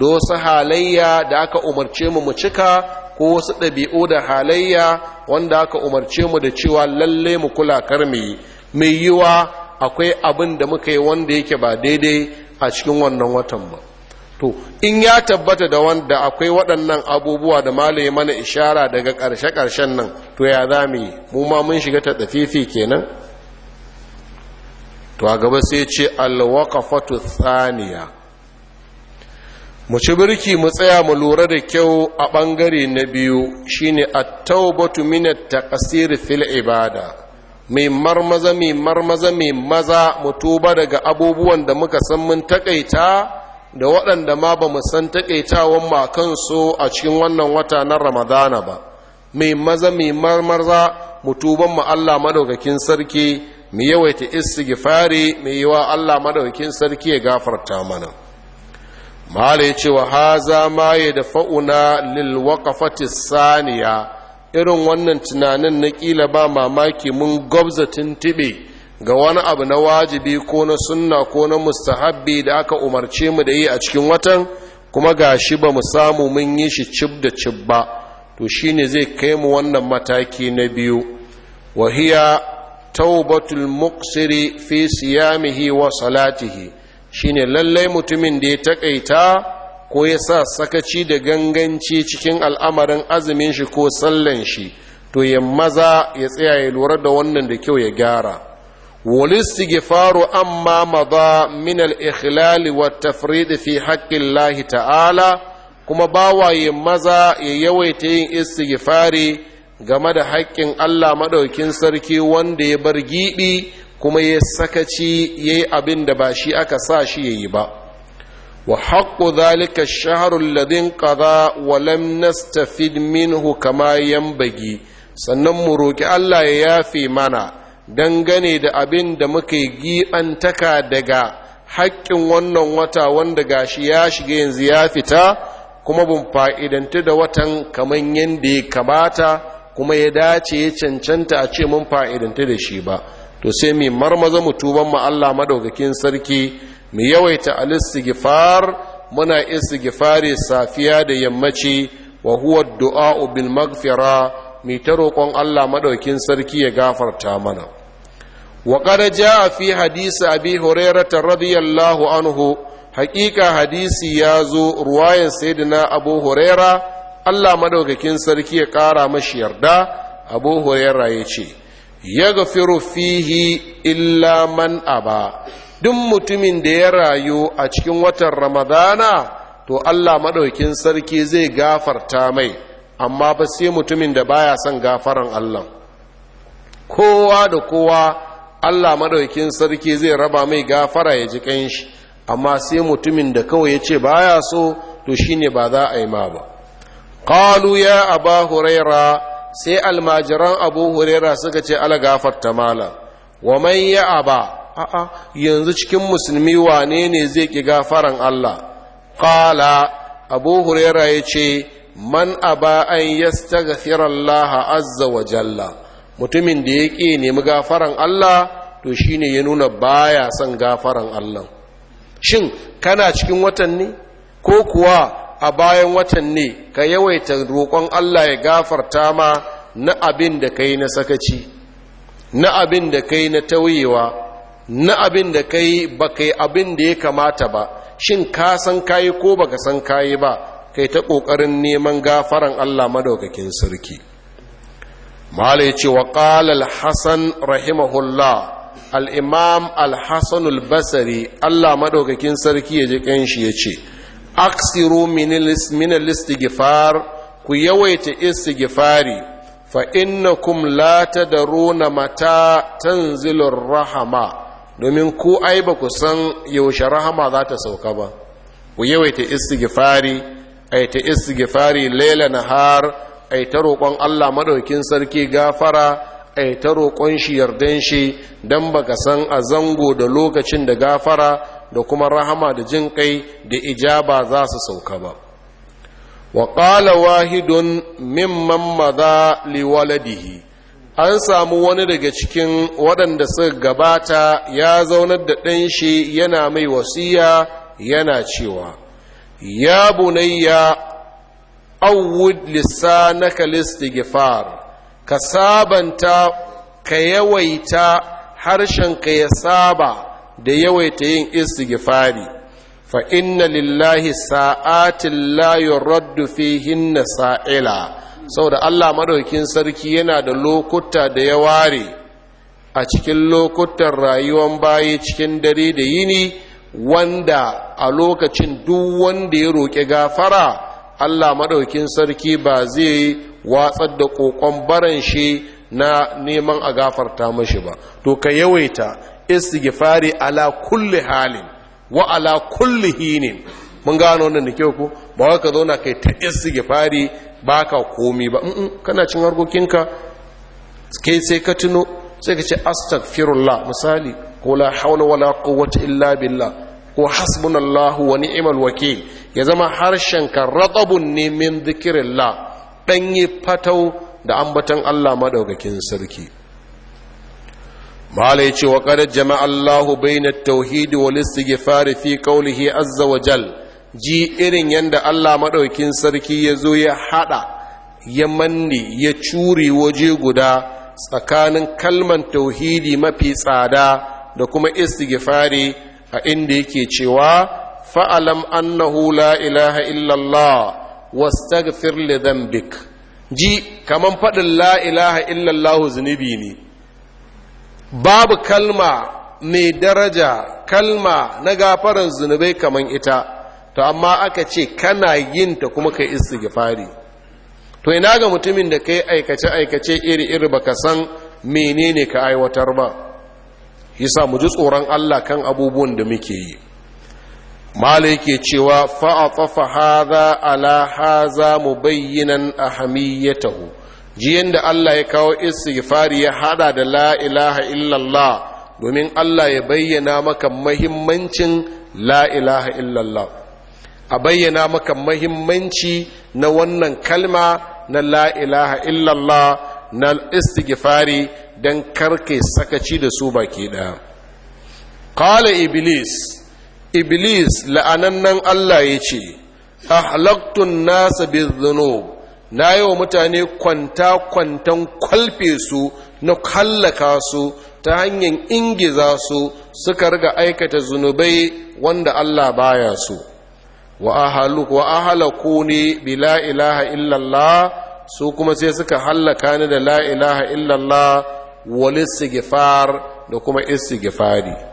da wasu halayya da aka umarce mu mu cika ko wasu ɗabi'u da halayya wanda aka umarce mu da cewa lalle mu kula kar mu yi mai yiwa akwai abin da muka yi wanda yake ba daidai a cikin wannan watan ba to in ya tabbata da wanda akwai waɗannan abubuwa da malaye mana ishara daga ƙarshe-ƙarshen nan to ya za mu ma mun shiga ta fi kenan to a gaba sai ce alwaqafatu Saniya. mu ci birki mu tsaya mu lura da kyau a ɓangare na biyu shine at-taubatu min at-taqsir fil ibada mai marmaza mai marmaza mai maza mu tuba daga abubuwan da muka san mun takaita da waɗanda ma ba san taƙaitawan makansu a cikin wannan wata na ramadana ba mai maza mai marmarza mu tuban mu Allah maɗaukakin sarki mu yawaita istighfari mai yiwa Allah maɗaukakin sarki ya gafarta mana mala ya ce wa haza ma ya da fa'una lil waqafati saniya irin wannan tunanin na ƙila ba mamaki mun gwabza tintibe ga wani abu na wajibi ko na sunna ko na mustahabbi da aka umarce mu da yi a cikin watan kuma ga shi ba mu samu mun yi shi cib da cib ba to shi ne zai kai mu wannan mataki na biyu wahiya taubatul muqsiri fi siyamihi wa salatihi ne lallai mutumin da ya takaita ko ya sa sakaci da ganganci cikin al'amarin azumin shi ko sallan shi to ya maza ya tsaya ya lura da wannan da kyau ya gyara والاستغفار أما مضى من الإخلال والتفريد في حق الله تعالى كما باوا يمزا يويتين استغفاري game da haƙƙin Allah maɗaukin sarki wanda ya bar giɓi kuma ya sakaci ya yi abin da ba shi aka sa shi ya yi ba wa haƙƙu zalika shaharun ladin ƙaza wa lam nastafid minhu kama bagi sannan mu roƙi Allah ya yafe mana dangane da abin da muke giɓantaka daga haƙƙin wannan wata wanda gashi ya shiga yanzu ya fita kuma bin fa'idanta da watan kamar yadda ya kamata kuma ya dace ya cancanta a ce mun fa'idanta da shi ba to sai mai marmaza mutuban ma Allah madaukakin sarki mu yawaita alistigifar muna istigifari safiya da yammaci wa huwa du'a'u bil magfira mai ta roƙon Allah madaukakin sarki ya gafarta mana a fi hadisi حديث أبي هريرة رضي الله عنه حقيقة حديث يازو رواية سيدنا أبو هريرة الله مدوككين سركي قارا مشير دا أبو هريرة يشي يغفر فيه إلا من aba. duk mutumin da ya rayu a cikin watan ramadana to allah maɗaukin sarki zai gafarta mai amma ba sai mutumin da baya son gafaran allah kowa da kowa Allah madaukin sarki zai raba mai gafara ya ji kanshi amma sai mutumin da kawai ya ce baya so to shine ba za a yi ma ba qalu ya aba huraira sai almajiran abu huraira suka ce ala gafarta mala wa man ya aba a'a yanzu cikin musulmi wane ne zai ki gafaran Allah qala abu huraira ya ce man aba an yastaghfira azza wa jalla mutumin da ya ƙi nemi gafaran Allah to shi ne ya nuna baya son gafaran Allah shin kana cikin watan ne ko kuwa a bayan watan ne ka yawaita roƙon Allah ya gafarta ma na abin da kai na sakaci na abin da kai na tauyewa na abin da kai ba kai abin da ya kamata ba shin ka san kayi ko baka san kayi ba kai ta ƙoƙarin neman gafaran Allah madaukakin sarki mahala ya ce wa ƙalal hassan rahimahullah al'imam al-hassan al-basari allah maɗaukakin sarki ya ji ƙanshi ya ce aksiru minal istigifar ku yawaita istigifari fa innakum la tadruna mata tanzilur rahama domin ku ai ba ku san yaushe rahama za ta sauka ba ku yawaita istigifari ai ta istigifari laila nahar ai ta roƙon Allah maɗaukin sarki gafara ai ta roƙon shi yardan shi dan baka san a zango da lokacin da gafara da kuma rahama da jin kai da ijaba za su sauka ba wa qala wahidun mimman madha liwaladihi an samu wani daga cikin waɗanda suka gabata ya zaunar da ɗan shi yana mai wasiya yana cewa ya bunayya awud lissanaka listighfar ka sabanta ka yawaita harshenka ya saba da yawaita yin istighfari fa inna lillahi sa'atin la yuraddu fihin sa'ila saboda Allah madaukin sarki yana da lokuta da ya ware a cikin lokutan rayuwar bayi cikin dare da yini wanda a lokacin duk wanda ya roƙi gafara Allah maɗaukin sarki ba zai watsar da ƙoƙon baran shi na neman a gafarta mashi ba to ka yawaita istighfari ala kulli halin wa ala kulli hinin mun gano wannan da kyau ko ba wai ka zauna kai ta istighfari baka komi ba in kana cin harkokinka kai sai ka tuno sai ka ce astaghfirullah misali ko la hawla wala quwwata illa billah ko hasbunallahu wa ni'mal wakil ya zama harshenka raɗabun ne min ɗan ɗanyi fatau da ambatan Allah maɗaukakin sarki mala ya ce wa Lahu jama'allahu na tauhidi wal fari fi ƙaulihi azza wa jal ji irin yadda Allah maɗaukakin sarki ya zo ya haɗa ya manne ya curi waje guda tsakanin kalman tauhidi mafi tsada da kuma istighfari a inda yake cewa fa'alam annahu la ilaha illallah wastaghfir li dhanbik ji kaman faɗin la ilaha illallah zunubi ne babu kalma mai daraja kalma na gafaran zunubai kaman ita to amma aka ce kana yin ta kuma kai istighfari to ina ga mutumin da kai aikace aikace iri iri baka san menene ka aiwatar ba yasa mu ji tsoron Allah kan abubuwan da muke yi Malai ke cewa fa'afafa haza ala haza ya ahamiyyatahu jiyan da Allah ya kawo istighfari ya hada da la ilaha illallah domin Allah ya bayyana maka mahimmancin la ilaha illallah a bayyana maka mahimmanci na wannan kalma na la ilaha illallah na istighfari don karke sakaci da su baki ɗaya. Kala Iblis iblis la'anannan Allah ya ce ahlaktun nasa bizzunub na yi wa mutane kwanta kwantan kwalfe su na hallaka su ta hanyar ingiza su suka riga aikata zunubai wanda Allah baya su wa a ne bi la ilaha illallah su kuma sai suka hallaka ni da la ilaha illallah wal sigifar, da kuma sigifari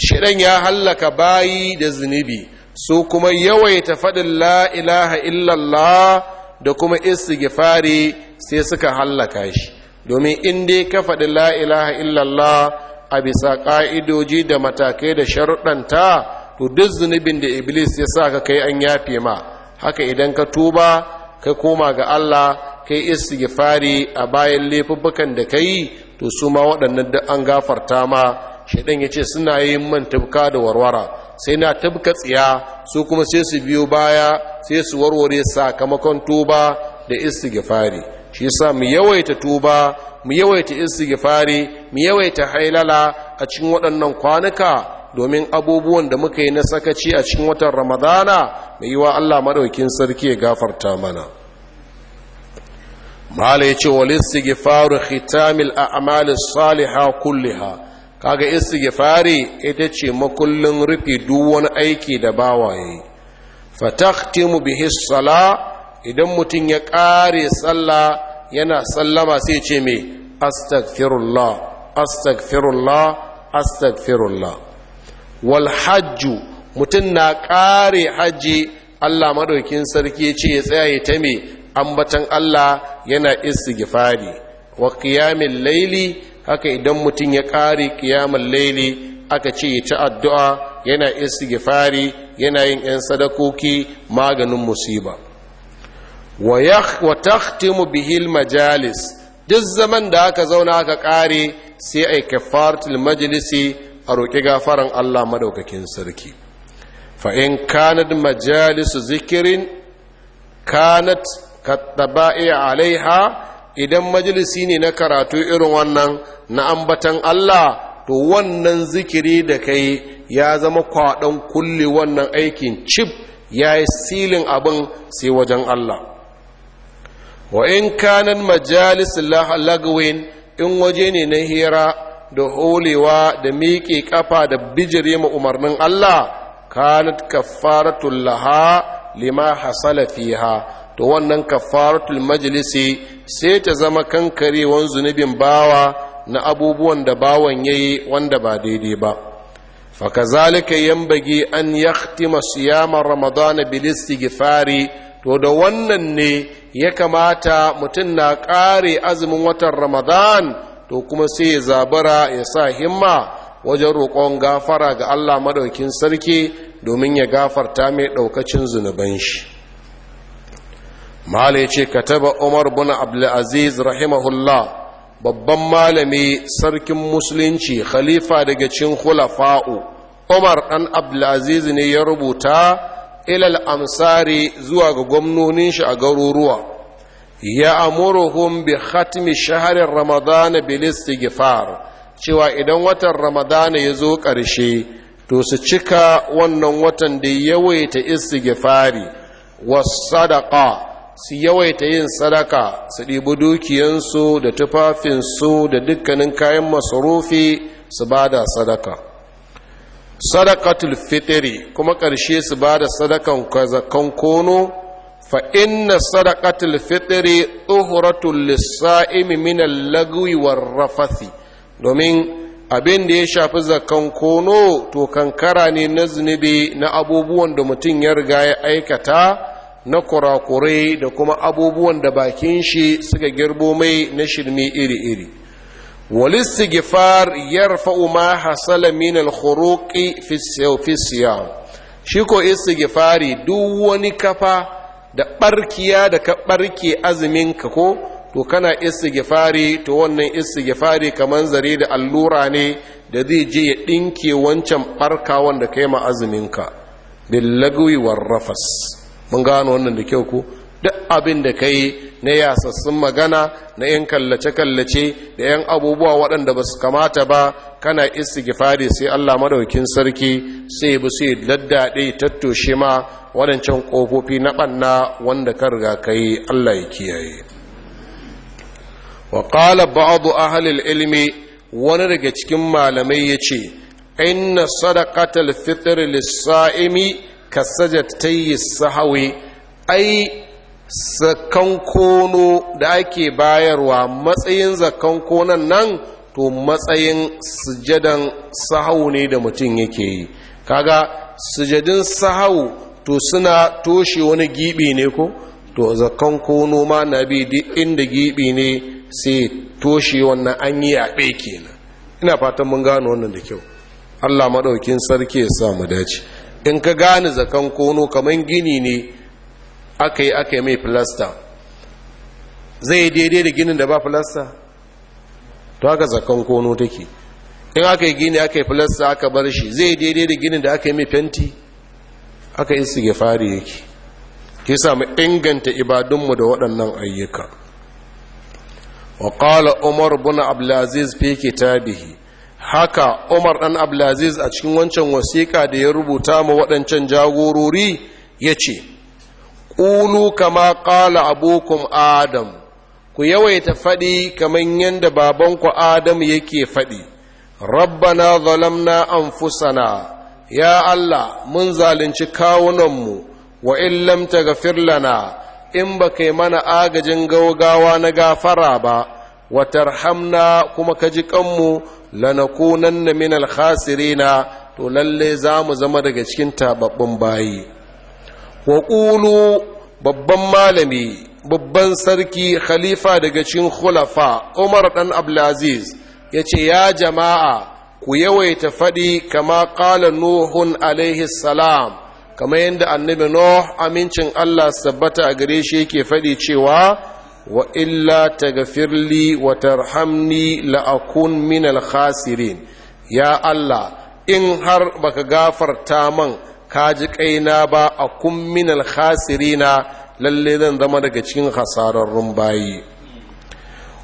shidan ya hallaka bayi da zunubi su kuma yawaita faɗin la ilaha illallah da kuma istighfari sai suka hallaka shi domin in dai ka faɗi la illallah a bisa ƙa'idoji da matakai da sharuɗanta to duk zunubin da iblis ya sa ka kai an yafe ma haka idan ka tuba ka koma ga allah kai istighfari a bayan laifuffukan da ka yi to su ma waɗannan an gafarta ma shaidan ya ce suna yi man tabka da warwara sai na tabka tsiya su kuma sai su biyo baya sai su warware sakamakon tuba da istighfari shi yasa mu yawaita tuba mu yawaita istighfari mu yawaita hailala a cikin waɗannan kwanuka domin abubuwan da muka yi na sakaci a cikin watan ramadana mai yi wa allah maɗaukin sarki ya gafarta mana mahala ya ce walisti gifaru hitamil a amalin saliha kulliha kaga fari ita ce makullin rufe duk wani aiki da bawa yayi fataqtimu bihi sala idan mutum ya kare sallah yana sallama sai ce me astaghfirullah astaghfirullah astaghfirullah wal mutum na kare hajji Allah madaukin sarki ya ce ya tsaya ta me ambatan Allah yana istighfari wa qiyamil laili haka idan mutum ya ƙari ƙiyamar laili aka ce ya ci addu'a yana istighfari yana yin ‘yan sadakoki maganin musiba wa takhtimu bihil majalis duk zaman da aka zauna aka ƙare sai a kafaratul majalisi a roƙi gafaran Allah madaukakin sarki fa'in kanad majalisu zikirin kanat kattaba'i alaiha idan majalisi ne na karatu irin wannan na ambatan Allah to wannan zikiri da kai ya zama kwaɗon kulle wannan aikin cif ya yi silin abin sai wajen Allah wa in kanan majalis lagwin in waje ne na hira da holewa da miƙe ƙafa da bijire ma umarnin Allah kanat kaffaratul laha lima hasala fiha to wannan kafaratul majalisi sai ta zama kankarewan zunubin bawa na abubuwan da bawan yayi wanda ba daidai ba fakazalika yambagi an yaktima siyama ramadana bil istighfari to da wannan ne ya kamata mutum na ƙare azumin watan ramadan to kuma sai ya zabara ya sa himma wajen roƙon gafara ga Allah madaukin sarki domin ya gafarta mai ɗaukacin zunuban shi ce ka taba umar bin abdulaziz rahimahullah babban malami sarkin musulunci khalifa daga cikin khulafa'u umar dan abdulaziz ne ya rubuta ilal amsari zuwa ga gwamnonin shi a garuruwa ya amuruhum bi khatmi shaharar ramadana bil istighfar cewa idan watan ramadana ya zo ƙarshe to su cika wannan watan da yawaita istighfari was sadaqa su yawaita yin sadaka su ɗibi dukiyansu da tufafinsu da dukkanin kayan masarufi su ba da sadaka sadakatul fitiri kuma ƙarshe su ba da sadakan zakan kono fa inna sadakatul fitiri tsohoratul lissa'imi minan lagwi rafafi, domin abin da ya shafi zakan kono to kankara ne na zunubi na abubuwan da mutum ya riga ya aikata na kurakurai da kuma abubuwan da bakin shi suka girbo mai na shirme iri-iri walistighfar yarfa'u ma hasala min al-khuruqi shi ko gifari duk wani kafa da barkiya da ka barke azumin ka ko to kana gifari to wannan gifari kamar zare da allura ne da zai je ya ɗinke wancan barkawan da kai ma azumin ka billagwi warrafas mun gano wannan da kyau ko duk abin da kai na yasassun magana na yan kallace-kallace da yan abubuwa waɗanda ba su kamata ba kana istighfari sai Allah madaukin sarki sai bu sai daddaɗe tattoshe ma waɗancan ƙofofi na ɓanna wanda ka riga ka yi Allah ya kiyaye wa ƙala ba'adu ahalil ilmi wani daga cikin malamai ya ce inna sadaqatal fitr lis kasajat ta yi sahawi ai zakan kono da ake bayarwa matsayin zakan konon nan to matsayin sujadan sahau ne da mutum yake yi kaga sujadin sahau to suna toshe wani gibi ne ko to zakan kono ma na bi duk inda gibi ne sai toshe wannan an yi yaɓe kenan ina fatan mun gano wannan da kyau allah maɗaukin sarki ya sa mu dace in ka gane zakan kono kamar gini ne aka yi aka yi mai filasta zai daidai da ginin da ba filasta to haka zakan kono take in aka yi gini aka yi filasta aka bar shi zai daidai da ginin da aka yi mai fenti aka yi su gefari yake ke samu inganta ibadunmu da waɗannan ayyuka wa ƙala umar bin abdulaziz fi kitabihi haka umar dan abdulaziz a cikin wancan wasiƙa da ya rubuta ma waɗancan jagorori ya ce ƙulu kama ƙala abokum adam ku yawaita faɗi kamar yadda babanku adam yake faɗi rabbana zalamna anfusana ya allah mun zalunci kawunanmu wa in lam ga lana in ba kai mana agajin gaugawa na gafara ba wa tarhamna kuma ka ji kanmu lanakunanna min alkhasirina to lalle za mu zama daga cikin tababbun bayi wa qulu babban malami babban sarki khalifa daga cikin khulafa Umar dan Abdulaziz ce ya jama'a ku yawaita faɗi kama ƙala nuhun alaihi salam kama yadda annabi nuh amincin Allah sabbata a gare shi yake faɗi cewa wa illa tagfirli wa tarhamni la'akun min khasirin ya Allah in har baka gafarta man ka ji kaina ba akun min min khasirina lalle zan zama daga cikin hasararrun bayi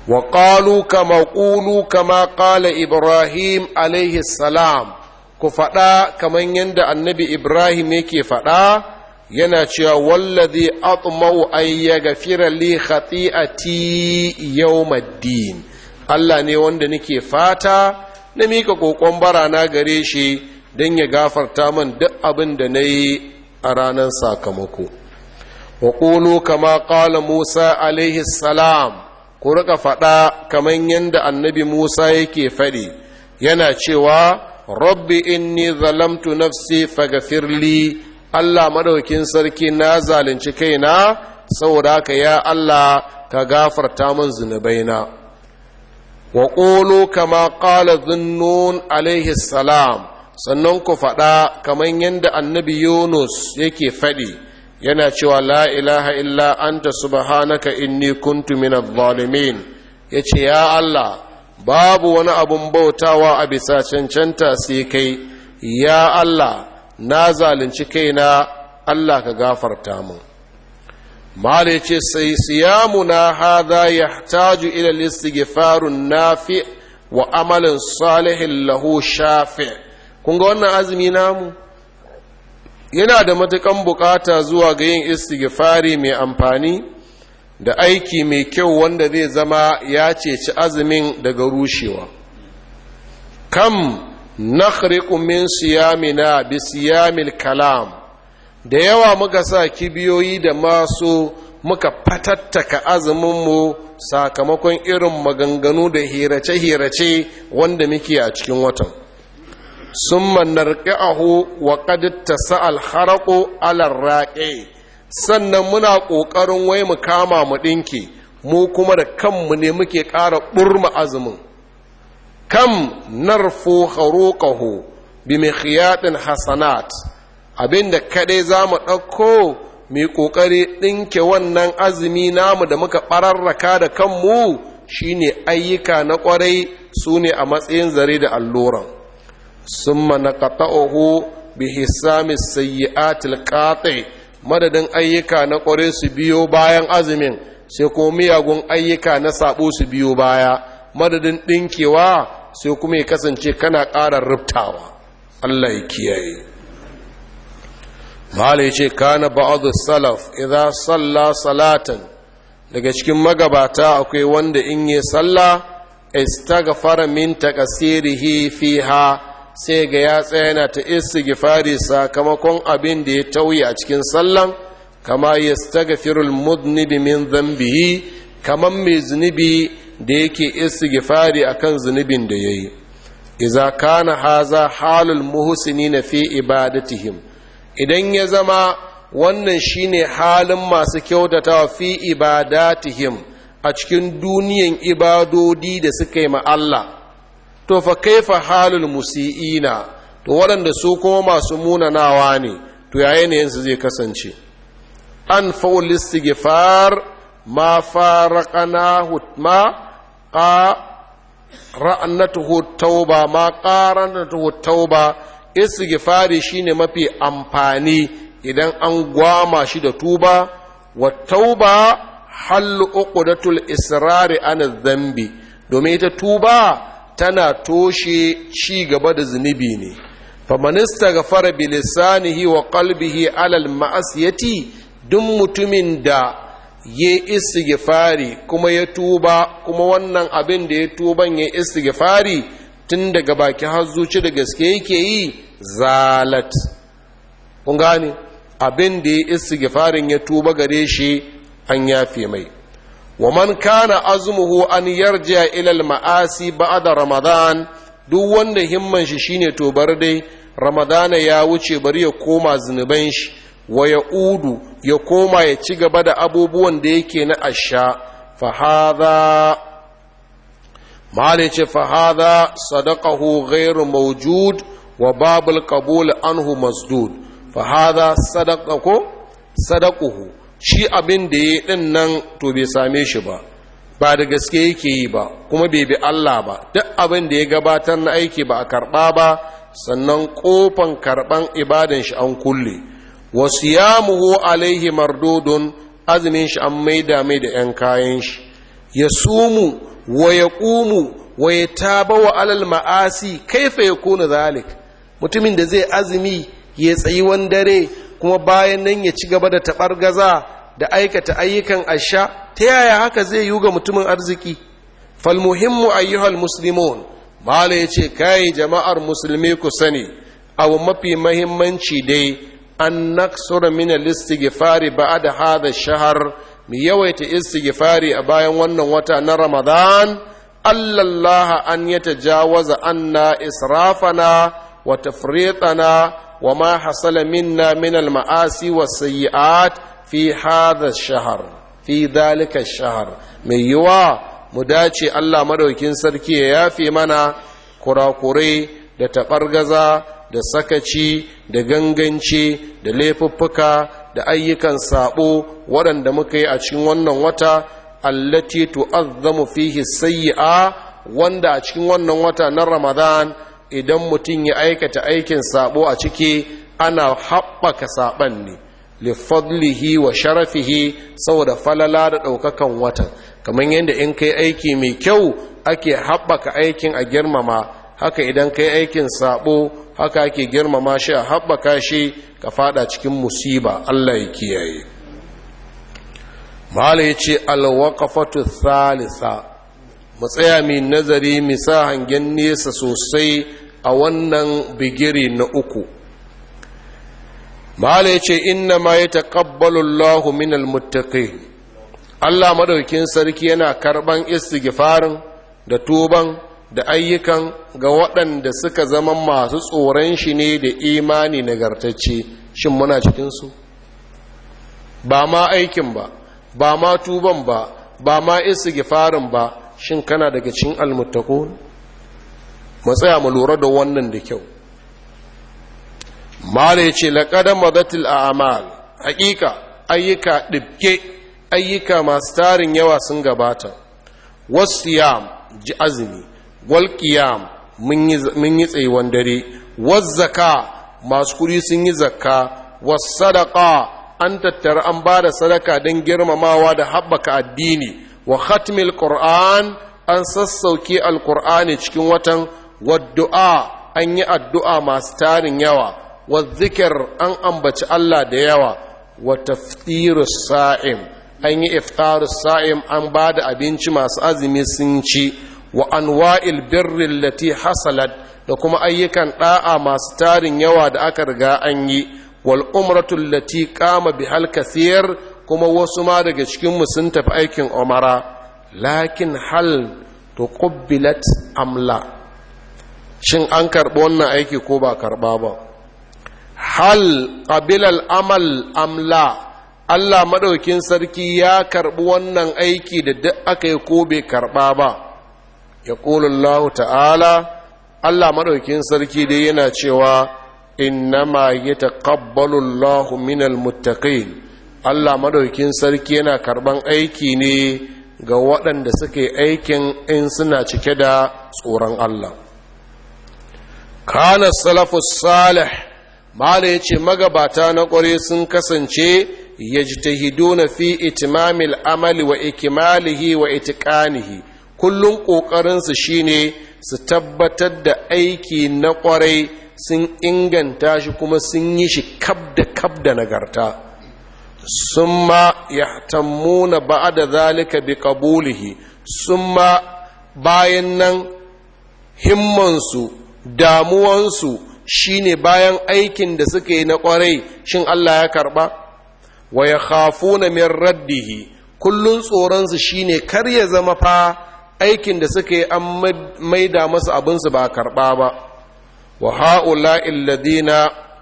wa qalu kama qulu kama qala ibrahim alaihi salam ku faɗa kaman yadda annabi ibrahim yake faɗa yana cewa wallazi atmau an yaghfira li yau yawmiddin Allah ne wanda nake fata na mika kokon barana gare shi don ya gafarta min duk abin da na yi a ranar sakamako wa ƙulu kama ƙala musa alaihi salam ku rika faɗa kamar yadda annabi musa yake faɗi yana cewa rabbi inni zalamtu nafsi fagafirli Allah madaukin sarki na zalunci kaina saboda haka ya Allah ka gafarta min zunubaina wa qulu kama qala dhunnun alaihi salam sannan ku faɗa kamar yadda annabi Yunus yake faɗi yana cewa la ilaha illa anta subhanaka inni kuntu minadh zalimin yace ya Allah babu wani abun bautawa a bisa cancanta sai kai ya Allah na zalunci kaina Allah ka gafarta mun mal yace ce sai na hadha yahtaju ila al-istighfarun nafi wa amalin salihin lahu shafi kun ga wannan azumi namu yana da matukan bukata zuwa ga yin istighfari mai amfani da aiki mai kyau wanda zai zama ya ceci azumin daga rushewa kam nakhriqu min siyamina bi siyamil kalam da yawa muka sa kibiyoyi da masu muka fatattaka azuminmu sakamakon irin maganganu da hirace-hirace wanda muke a cikin watan sun narqi'ahu wa qad sa'al haraqu ala sannan muna ƙoƙarin wai mu kama mu ɗinki mu kuma da kanmu ne muke ƙara ɓurma azumin kam narfo haroƙaho bi mikhiyadin hasanat abinda kadai za mu ɗauko mai ƙoƙari ɗinke wannan azumi namu da muka ɓararraka da kanmu shine ayyuka na ƙwarai su ne a matsayin zare da alluran summa na bi hisami sayyi'atil qati madadin ayyuka na ƙwarai su biyo bayan azumin sai ko miyagun ayyuka na sabo su biyo baya madadin ɗinkewa sai kuma ya kasance kana ƙara rubtawa Allah ya kiyaye mahala ya ce kana ba'adu salaf idan salla salatan daga cikin magabata akwai wanda in yi salla istagfara min taqsirihi fiha sai ga ya tsayana ta ta istighfari sakamakon abin da ya tauye a cikin sallan kama yastaghfirul mudnibi min dhanbihi kaman mai zunubi da yake istighfari akan zunubin da yayi idza kana haza halul muhsinina fi ibadatihim idan ya zama wannan shine halin masu kyautatawa fi ibadatihim a cikin duniyan ibadodi da suka yi ma Allah to fa kaifa halul musiina to waɗanda su kuma masu munanawa ne to yayin ne yansu zai kasance an fa'ul istighfar ma faraqana ma qa ra'annatuhu tauba ma qaranatuhu tauba istighfari shine mafi amfani idan an gwama shi da tuba wa tauba hallu uqdatul israri ana dhanbi domin ita tuba tana toshe ci gaba da zunubi ne faman istaghfara bi lisanihi wa qalbihi alal ma'asiyati duk mutumin da ya istighfari kuma ya tuba kuma wannan abin da ya tuban ya istighfari tun daga baki har zuci da gaske yake yi zalat kun gane abin da ya istighfarin ya tuba gare shi an yafe mai wa man kana azmuhu an yarja ila al ma'asi ba'da ramadan duk wanda himman shi shine tobar dai ramadana ya wuce bari ya koma zunuban shi wa ya udu ya koma ya ci gaba da abubuwan da yake na asha fahaza mahalin ce fahaza ghairu mawjud wa babul qabul anhu masdud fahaza sadaqako sadaquhu shi abin da ya din nan to bai same shi ba ba da gaske yake yi ba kuma bai bi Allah ba duk abin da ya gabatar na aiki ba a karba ba sannan kofan karban ibadan shi an kulle Wasu alaihi mardudun azumin shi an maida mai da ‘yan kayan shi ya sumu wa ya ƙumu wa ya taba wa alal ma'asi kaifa ya kuna zalik mutumin da zai azumi ya tsayi wani dare kuma bayan nan ya ci gaba da taɓar gaza da aikata ayyukan asha ta yaya haka zai yi ga mutumin arziki falmuhimmu ayyuhal muslimun mala ya ce kai jama'ar musulmi ku sani abu mafi mahimmanci dai an naksura mina al-istighfari ba'da hadha ash shahar, mu yawaita istighfari a bayan wannan wata na Ramadan Allah an ya yatajawaza anna israfana wa tafriqana wa ma hasala minna min al-ma'asi was-sayyi'at fi hadha ash fi dhalika shahar mai yiwa mu dace Allah madaukin sarki ya yafe mana kurakurai da taɓargaza da sakaci da ganganci da laifuffuka da ayyukan sabo waɗanda muka yi a cikin wannan wata allati tu'azzamu fihi sayyi'a wanda a cikin wannan wata na Ramadan idan mutum ya aikata aikin sabo a ciki ana haɓaka saɓen ne lifadlihi wa sharafihi saboda falala da ɗaukakan watan kamar yadda in kai aiki mai kyau ake haɓaka aikin a girmama haka idan kai aikin sabo haka ake girmama shi a haɓaka shi ka fada cikin musiba Allah ya kiyaye mala ya ce alwakafatu thalitha mu tsaya mai nazari mai sa hangen nesa sosai a wannan bigiri na uku mala ya ce inna ma ya taƙabbalu min almuttaqin Allah madaukin sarki yana karban istighfarin da tuban da ayyukan ga waɗanda suka zama masu tsoron shi ne da imani nagartacce shin muna cikinsu ba ma aikin ba ba ma tuban ba ba ma isi gifarin ba shin kana daga cin Mu matsaya mu lura da wannan da kyau mara ya ce laƙadar mazatil a amal haƙiƙa ayyuka ɗibke ayyuka masu tarin yawa sun gabata wasu yam ji azumi wal kiyam mun yi tsayuwan dare wazzaka zaka masu kuɗi sun yi zakka was sadaka an tattara an ba da sadaka don girmamawa da haɓaka addini wa khatmil qur'an an sassauke Alƙur'ani cikin watan waddu'a an yi addu'a masu tarin yawa wa zikir an ambaci Allah da yawa wa taftirus sa'im an yi iftarus sa'im an ba da abinci masu azumi sun ci wa anwa'il birrin lati hasalat da kuma ayyukan ɗa'a masu tarin yawa da aka riga an yi wal umratu allati qama bihal kuma wasu ma daga cikin mu sun tafi aikin umara lakin hal tuqbilat amla shin an karɓi wannan aiki ko ba karɓa ba hal ƙabilal amal amla Allah maɗaukin sarki ya karɓi wannan aiki da duk aka yi ko bai karɓa ba ya Allah ta'ala Allah maɗaukin sarki dai yana cewa innama ta taƙabbalu Allah minal muttaƙin Allah maɗaukin sarki yana karɓan aiki ne ga waɗanda suke aikin in suna cike da tsoron Allah kana salafus salih mala ya ce magabata na ƙware sun kasance na fi itimamil amali wa ikimalihi wa itikanihi. kullum ƙoƙarinsu shine su tabbatar da aiki na kwarai sun inganta shi kuma sun yi shi kab da kab da nagarta sun ma ya tammuna ba da zalika bi kabulihi. sun ma bayan nan himmansu damuwansu shine bayan aikin da suka yi na ƙwarai shin Allah ya karɓa wa ya khafuna min raddihi kullun tsoronsu shine kar ya zama fa aikin da suka yi an maida masu abinsu ba karɓa ba wa ha'ula illadina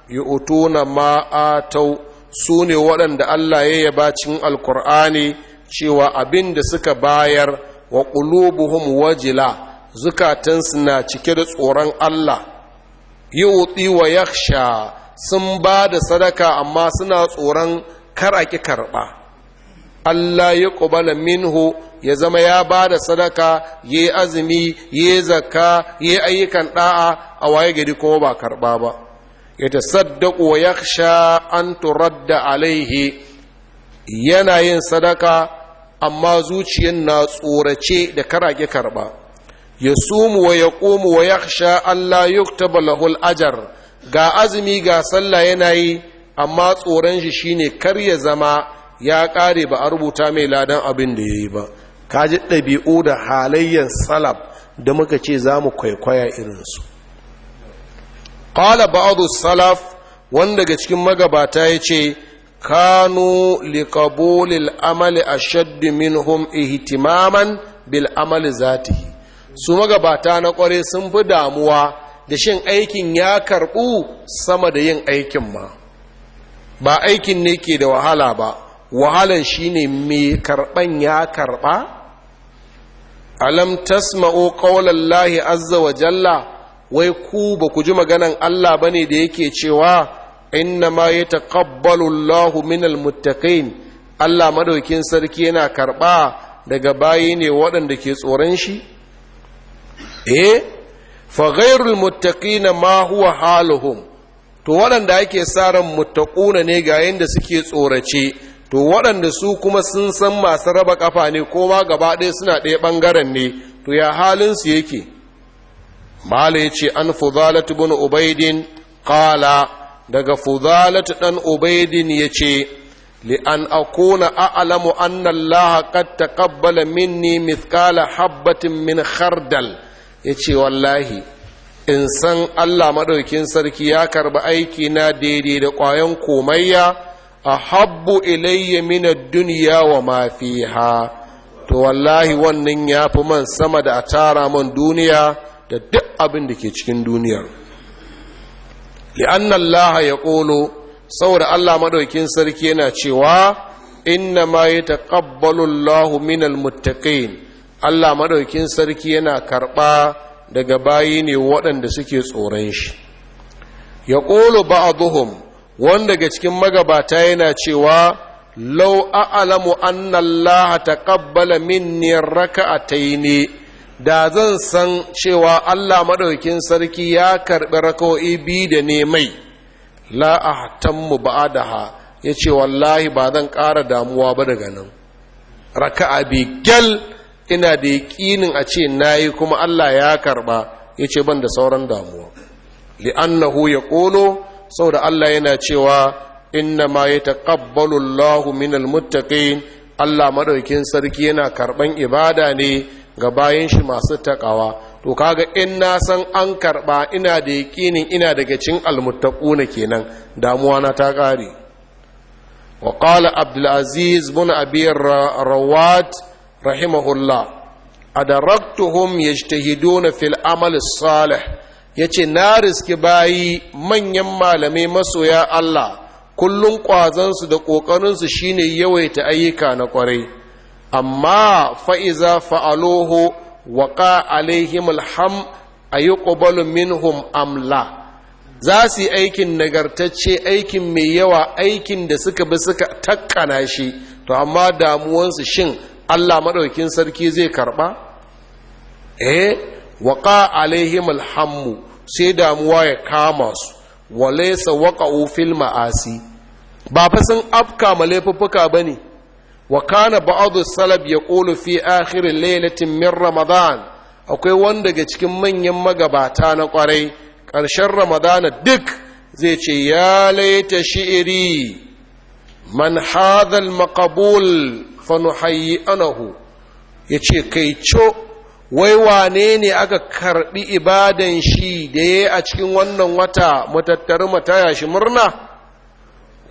yu'tuna ma atau su ne waɗanda Allah ya yaba cikin alkur'ani cewa abin da suka bayar wa ƙulubuhun wajila zukatansu na cike da tsoron Allah yu'ti wa yakhsha sun ba da sadaka amma suna tsoron kar a ki karɓa Allah ya ƙubala minhu ya zama ya ba da sadaka ya yi azumi ya yi zakka ya yi ayyukan ɗa'a a waye gari kuma ba karɓa ba ya ta saddaƙo wa sha an turadda alaihi yana yin sadaka amma zuciyar na tsorace da karage karɓa ya sumu wa ya ƙomu wa yaksha allah yuktaba balahul ajar ga azumi ga sallah yana yi amma tsoron shi shine kar ya zama ya ƙare ba a rubuta mai ladan abin da ya yi ba Ka ji ɗabi'u da halayyar salaf da muka ce za mu kwaikwaya irinsu ƙala ba'adu salaf wanda daga cikin magabata ya ce kanu liƙabulil amali a min minhum ihtimaman bil amali yi. su magabata na ƙware sun fi damuwa da shin aikin ya karɓu sama da yin aikin ma ba aikin ne ke da wahala ba wahalan shine mai karɓan ya karɓa alam tasma'u qawlallahi azza wa jalla wai ku ba ku ji maganan Allah bane da yake cewa inna ma yataqabbalu Allahu minal muttaqin Allah madaukin sarki yana karba daga bayi ne waɗanda ke tsoron shi eh fa ghayrul muttaqina ma huwa haluhum to waɗanda ake sa ran muttaquna ne ga yanda suke tsorace to waɗanda su kuma sun san masu raba ƙafa ne ko ma gaba ɗaya suna ɗaya ɓangaren ne to ya halin yake mala ya ce an fuzalatu bin ubaidin ƙala daga fuzalatu ɗan ubaidin ya ce li an akuna a'lamu an allaha qad taqabbala minni mithqala habbatin min khardal ya ce wallahi in san allah maɗaukin sarki ya karba aiki na daidai da ƙwayan komayya ahabbu ilayya min ad-dunya wa ma to wallahi wannan yafi man sama da a tara man duniya da duk abin da ke cikin duniyar li'anna laha ya saboda Allah madaukin sarki yana cewa inna ma yataqabbalu Allahu minal muttaqin Allah madaukin sarki yana karɓa daga bayi ne waɗanda suke tsoron shi ya ƙolo ba'dhum wanda daga cikin magabata yana cewa lau a'lamu anna allaha taqabbala minni raka'ataini da zan san cewa Allah madaukakin sarki ya karɓi raka'o'i bi da ne mai la ahtammu ba'daha yace wallahi ba zan ƙara damuwa ba daga nan raka'a bi gal ina da yaƙinin a ce nayi kuma Allah ya karba yace ban da sauran damuwa li'annahu yaqulu saboda Allah yana cewa inna ma yataqabbalu Allahu minal muttaqin Allah madaukin sarki yana karban ibada ne ga bayan shi masu taƙawa. to kaga in na san an karɓa, ina da yaƙinin ina daga cin almuttaquna kenan damuwa na ta kare wa qala abdul aziz bin abi rawat rahimahullah adaraktuhum yajtahiduna fil amal salih ya ce na riski bayi manyan malamai masoya Allah kullum ƙwazansu da ƙoƙarinsu shine yawaita ayyuka na ƙwarai amma fa'iza fa'aloho waƙa alaihim alham a yi minhum amla za su yi aikin nagartacce aikin mai yawa aikin da suka bi suka takkana shi to amma damuwansu shin allah maɗaukin sarki zai karɓa eh waƙa alaihim alhammu sai damuwa ya kama su walaisa waƙa'u fil ma'asi ba fa sun afka ma laifuffuka ba ne wa kana ba'adu salaf ya ƙulu fi akhirin lailatin min ramadan akwai wanda daga cikin manyan magabata na ƙwarai ƙarshen ramadana duk zai ce ya laita shi'iri man hadha al-maqbul fa nuhayyi anahu yace kai cho wai wane ne aka karbi ibadan shi da ya a cikin wannan wata matattaru mataya shi murna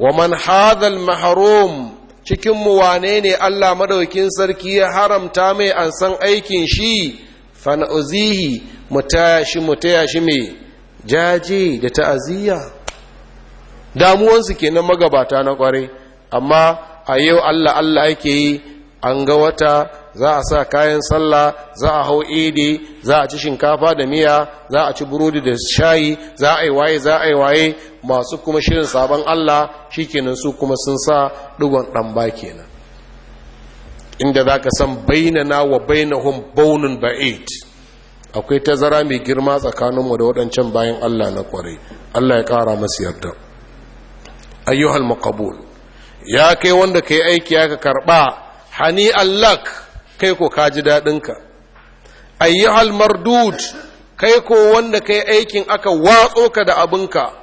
wa man hadhal mahrum cikin mu wane ne Allah madaukin sarki ya haramta mai an san aikin shi fan'uzihi mutaya shi mutaya shi mai jaje da ta'aziyya damuwansu kenan magabata na kwarai amma a yau Allah Allah yake yi an ga wata za a sa kayan sallah za a hau idi za a ci shinkafa da miya za a ci burodi da shayi za a yi waye za a yi waye masu kuma shirin sabon Allah shikenan su kuma sun sa digon dan ba kenan inda zaka san bainana wa bainahum baunun ba'id akwai tazara mai girma tsakanin mu da wadancan bayan Allah na kware Allah ya kara masu yarda ayyuhal maqbul ya kai wanda kai aiki ya ka karɓa hani allak kai ko ka ji daɗinka ayyuhal mardud kai ko wanda kai aikin aka watso ka da abinka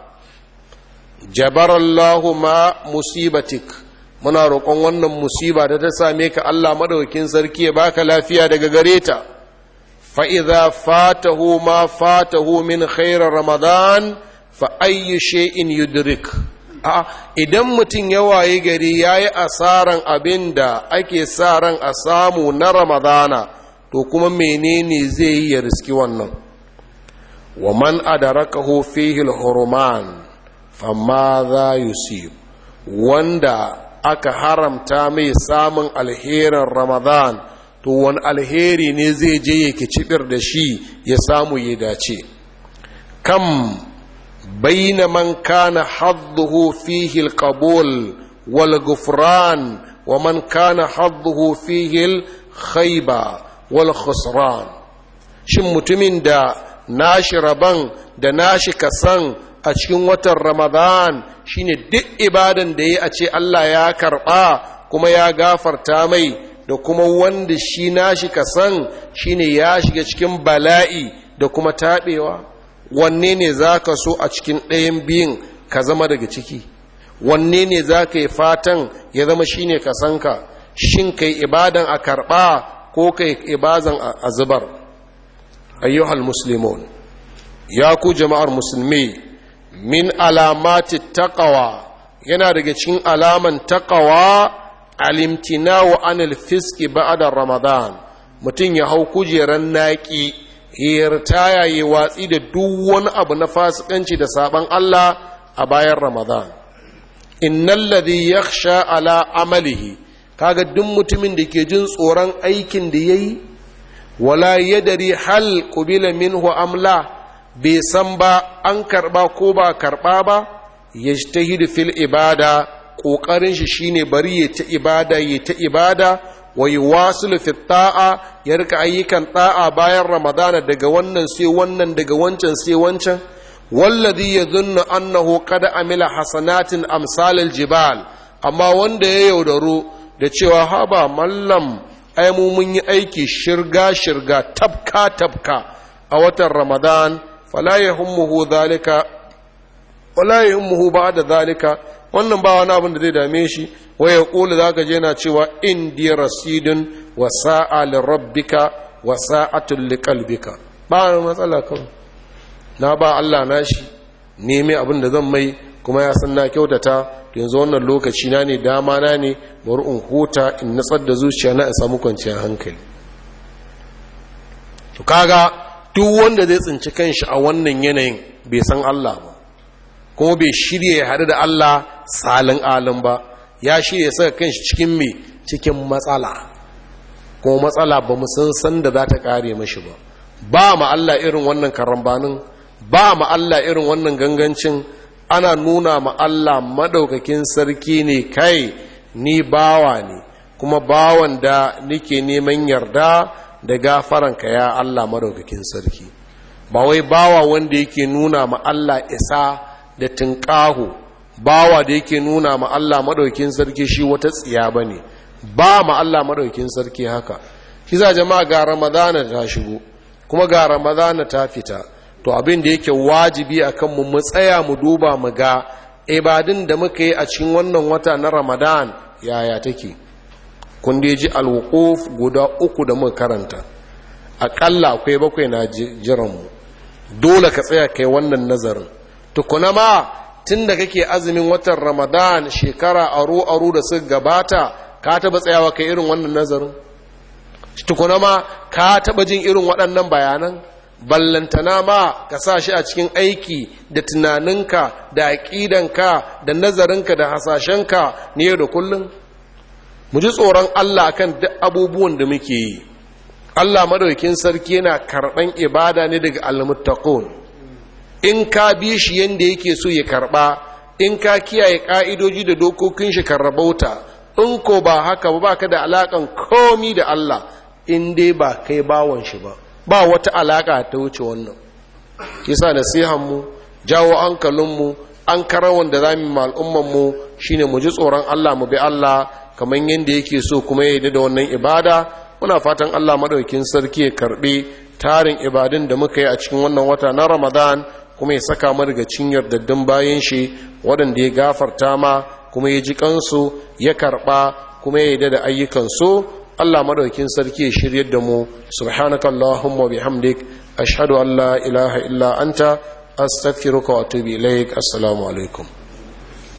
jabarallahu ma musibatik muna roƙon wannan musiba da ta same ka Allah maɗaukin sarki ya baka lafiya daga gareta. ta fa idza fatahu ma fatahu min khairar ramadan fa ayyi shay'in yudrik a idan mutum ya waye gari ya yi asaran abin da ake sa ran a samu na ramadana to kuma menene zai yi ya riski wannan wa man adarakahu fihi al-hurman famma za yusib wanda aka haramta mai samun alherin ramadan to wani alheri ne zai je ya kicibir da shi ya samu ya dace kam بين من كان حظه فيه wa والغفران ومن كان حظه فيه الخيبة والخسران shin mutumin da nashi rabon da nashi kasan a cikin watan ramadan shine duk ibadan da ya a ce Allah ya karɓa kuma ya gafarta mai da kuma wanda shi nashi kasan shine ya shiga cikin bala'i da kuma taɓewa wanne ne za ka so a cikin ɗayan biyun ka zama daga ciki wanne ne za ka yi fatan ya zama shine ka ka shin kai ibadan a karɓa ko kai ibadan a zubar ayyuhal muslimun ya ku jama'ar musulmi min alamati taqawa yana daga cikin alaman taqawa alimtina wa anil fiski ba'da ramadan mutum ya hau kujerar naƙi ya ta watsi da duk wani abu na fasikanci da sabon Allah a bayan Ramadan innal ladhi yakhsha ala amalihi kaga duk mutumin da ke jin tsoron aikin da yayi wala yadari hal qubila minhu amla bai san ba an karba ko ba karba ba yajtahidu fil ibada Ƙoƙarin shi shine bari ya ta ibada ya ta ibada wa yuwasilu fi ta'a ya rika ayyukan ta'a bayan ramadana daga wannan sai wannan daga wancan sai wancan wallazi yadhunnu annahu qad amila hasanatin amsalil jibal amma wanda ya yaudaro da cewa haba mallam ai mun yi aiki shirga shirga tabka tabka a watan ramadan fala yahummuhu dhalika wala ba'da dhalika wannan ba wani abin da zai dame shi waya kula za ka je na cewa diya rasidun wa sa'a rabbika wa sa'atun kalbika ba wani matsala kawai na ba allah na shi neme abin da zan mai kuma ya san na kyautata yanzu wannan lokaci na ne dama na ne bari in hota, in natsar da zuciya na in samu kwanciyar hankali to kaga duk wanda zai tsinci kanshi a wannan yanayin bai san allah ba ko bai shirya ya haɗu da Allah salin alin ba ya shirya saka shi cikin mai cikin matsala ko matsala ba musamman san san da za ta kare mashi ba ba ma Allah irin wannan karambanin ba ma Allah irin wannan gangancin ana nuna ma Allah madaukakin sarki ne kai ni bawa ne kuma bawan da nike neman yarda da gafaranka ya Allah madaukakin sarki ba wai bawa wanda yake nuna ma Allah isa da tunƙaho bawa da yake nuna ma Allah maɗaukin sarki shi wata tsiya bane, ba ma Allah maɗaukin sarki haka kisa jama'a ga ramadana ta shigo kuma ga ramadana ta fita to abin da yake wajibi a kan mu matsaya mu duba mu ga ibadin da muka yi a cikin wannan wata na ramadan yaya take kun da ji alwukuf guda uku da muka karanta aƙalla akwai bakwai na jiranmu dole ka tsaya kai wannan nazarin tukuna ma tun da kake azumin watan ramadan shekara aru-aru da suka gabata ka taba tsayawa kai irin wannan nazarin tukuna ma ka taba jin irin waɗannan bayanan ballantana ma ka sa shi a cikin aiki da tunaninka da aƙidanka da nazarinka da hasashenka ne da kullum mu ji tsoron allah kan duk abubuwan da muke yi allah madaukin sarki yana karɓan ibada ne daga almuttaqun in ka bi shi yadda yake so ya karɓa in ka kiyaye ka'idoji da dokokin shi kan in ko ba haka ba ka da alakan komi da Allah in dai ba kai bawon shi ba ba wata alaka ta wuce wannan yasa mu, jawo hankalinmu an karawan da za mu al'umman mu shine mu ji tsoron Allah mu bi Allah kamar yadda yake so kuma ya yi da wannan ibada muna fatan Allah madaukin sarki ya karɓi tarin ibadun da muka yi a cikin wannan wata na Ramadan kuma ya saka mu daga cinyar daddun bayan shi waɗanda ya gafarta ma kuma ya ji kansu ya karɓa kuma ya yi da ayyukansu Allah maɗaukin sarki ya shiryar da mu subhanakallahumma bihamdik ashhadu an la ilaha illa anta astaghfiruka wa atubu ilaik assalamu alaikum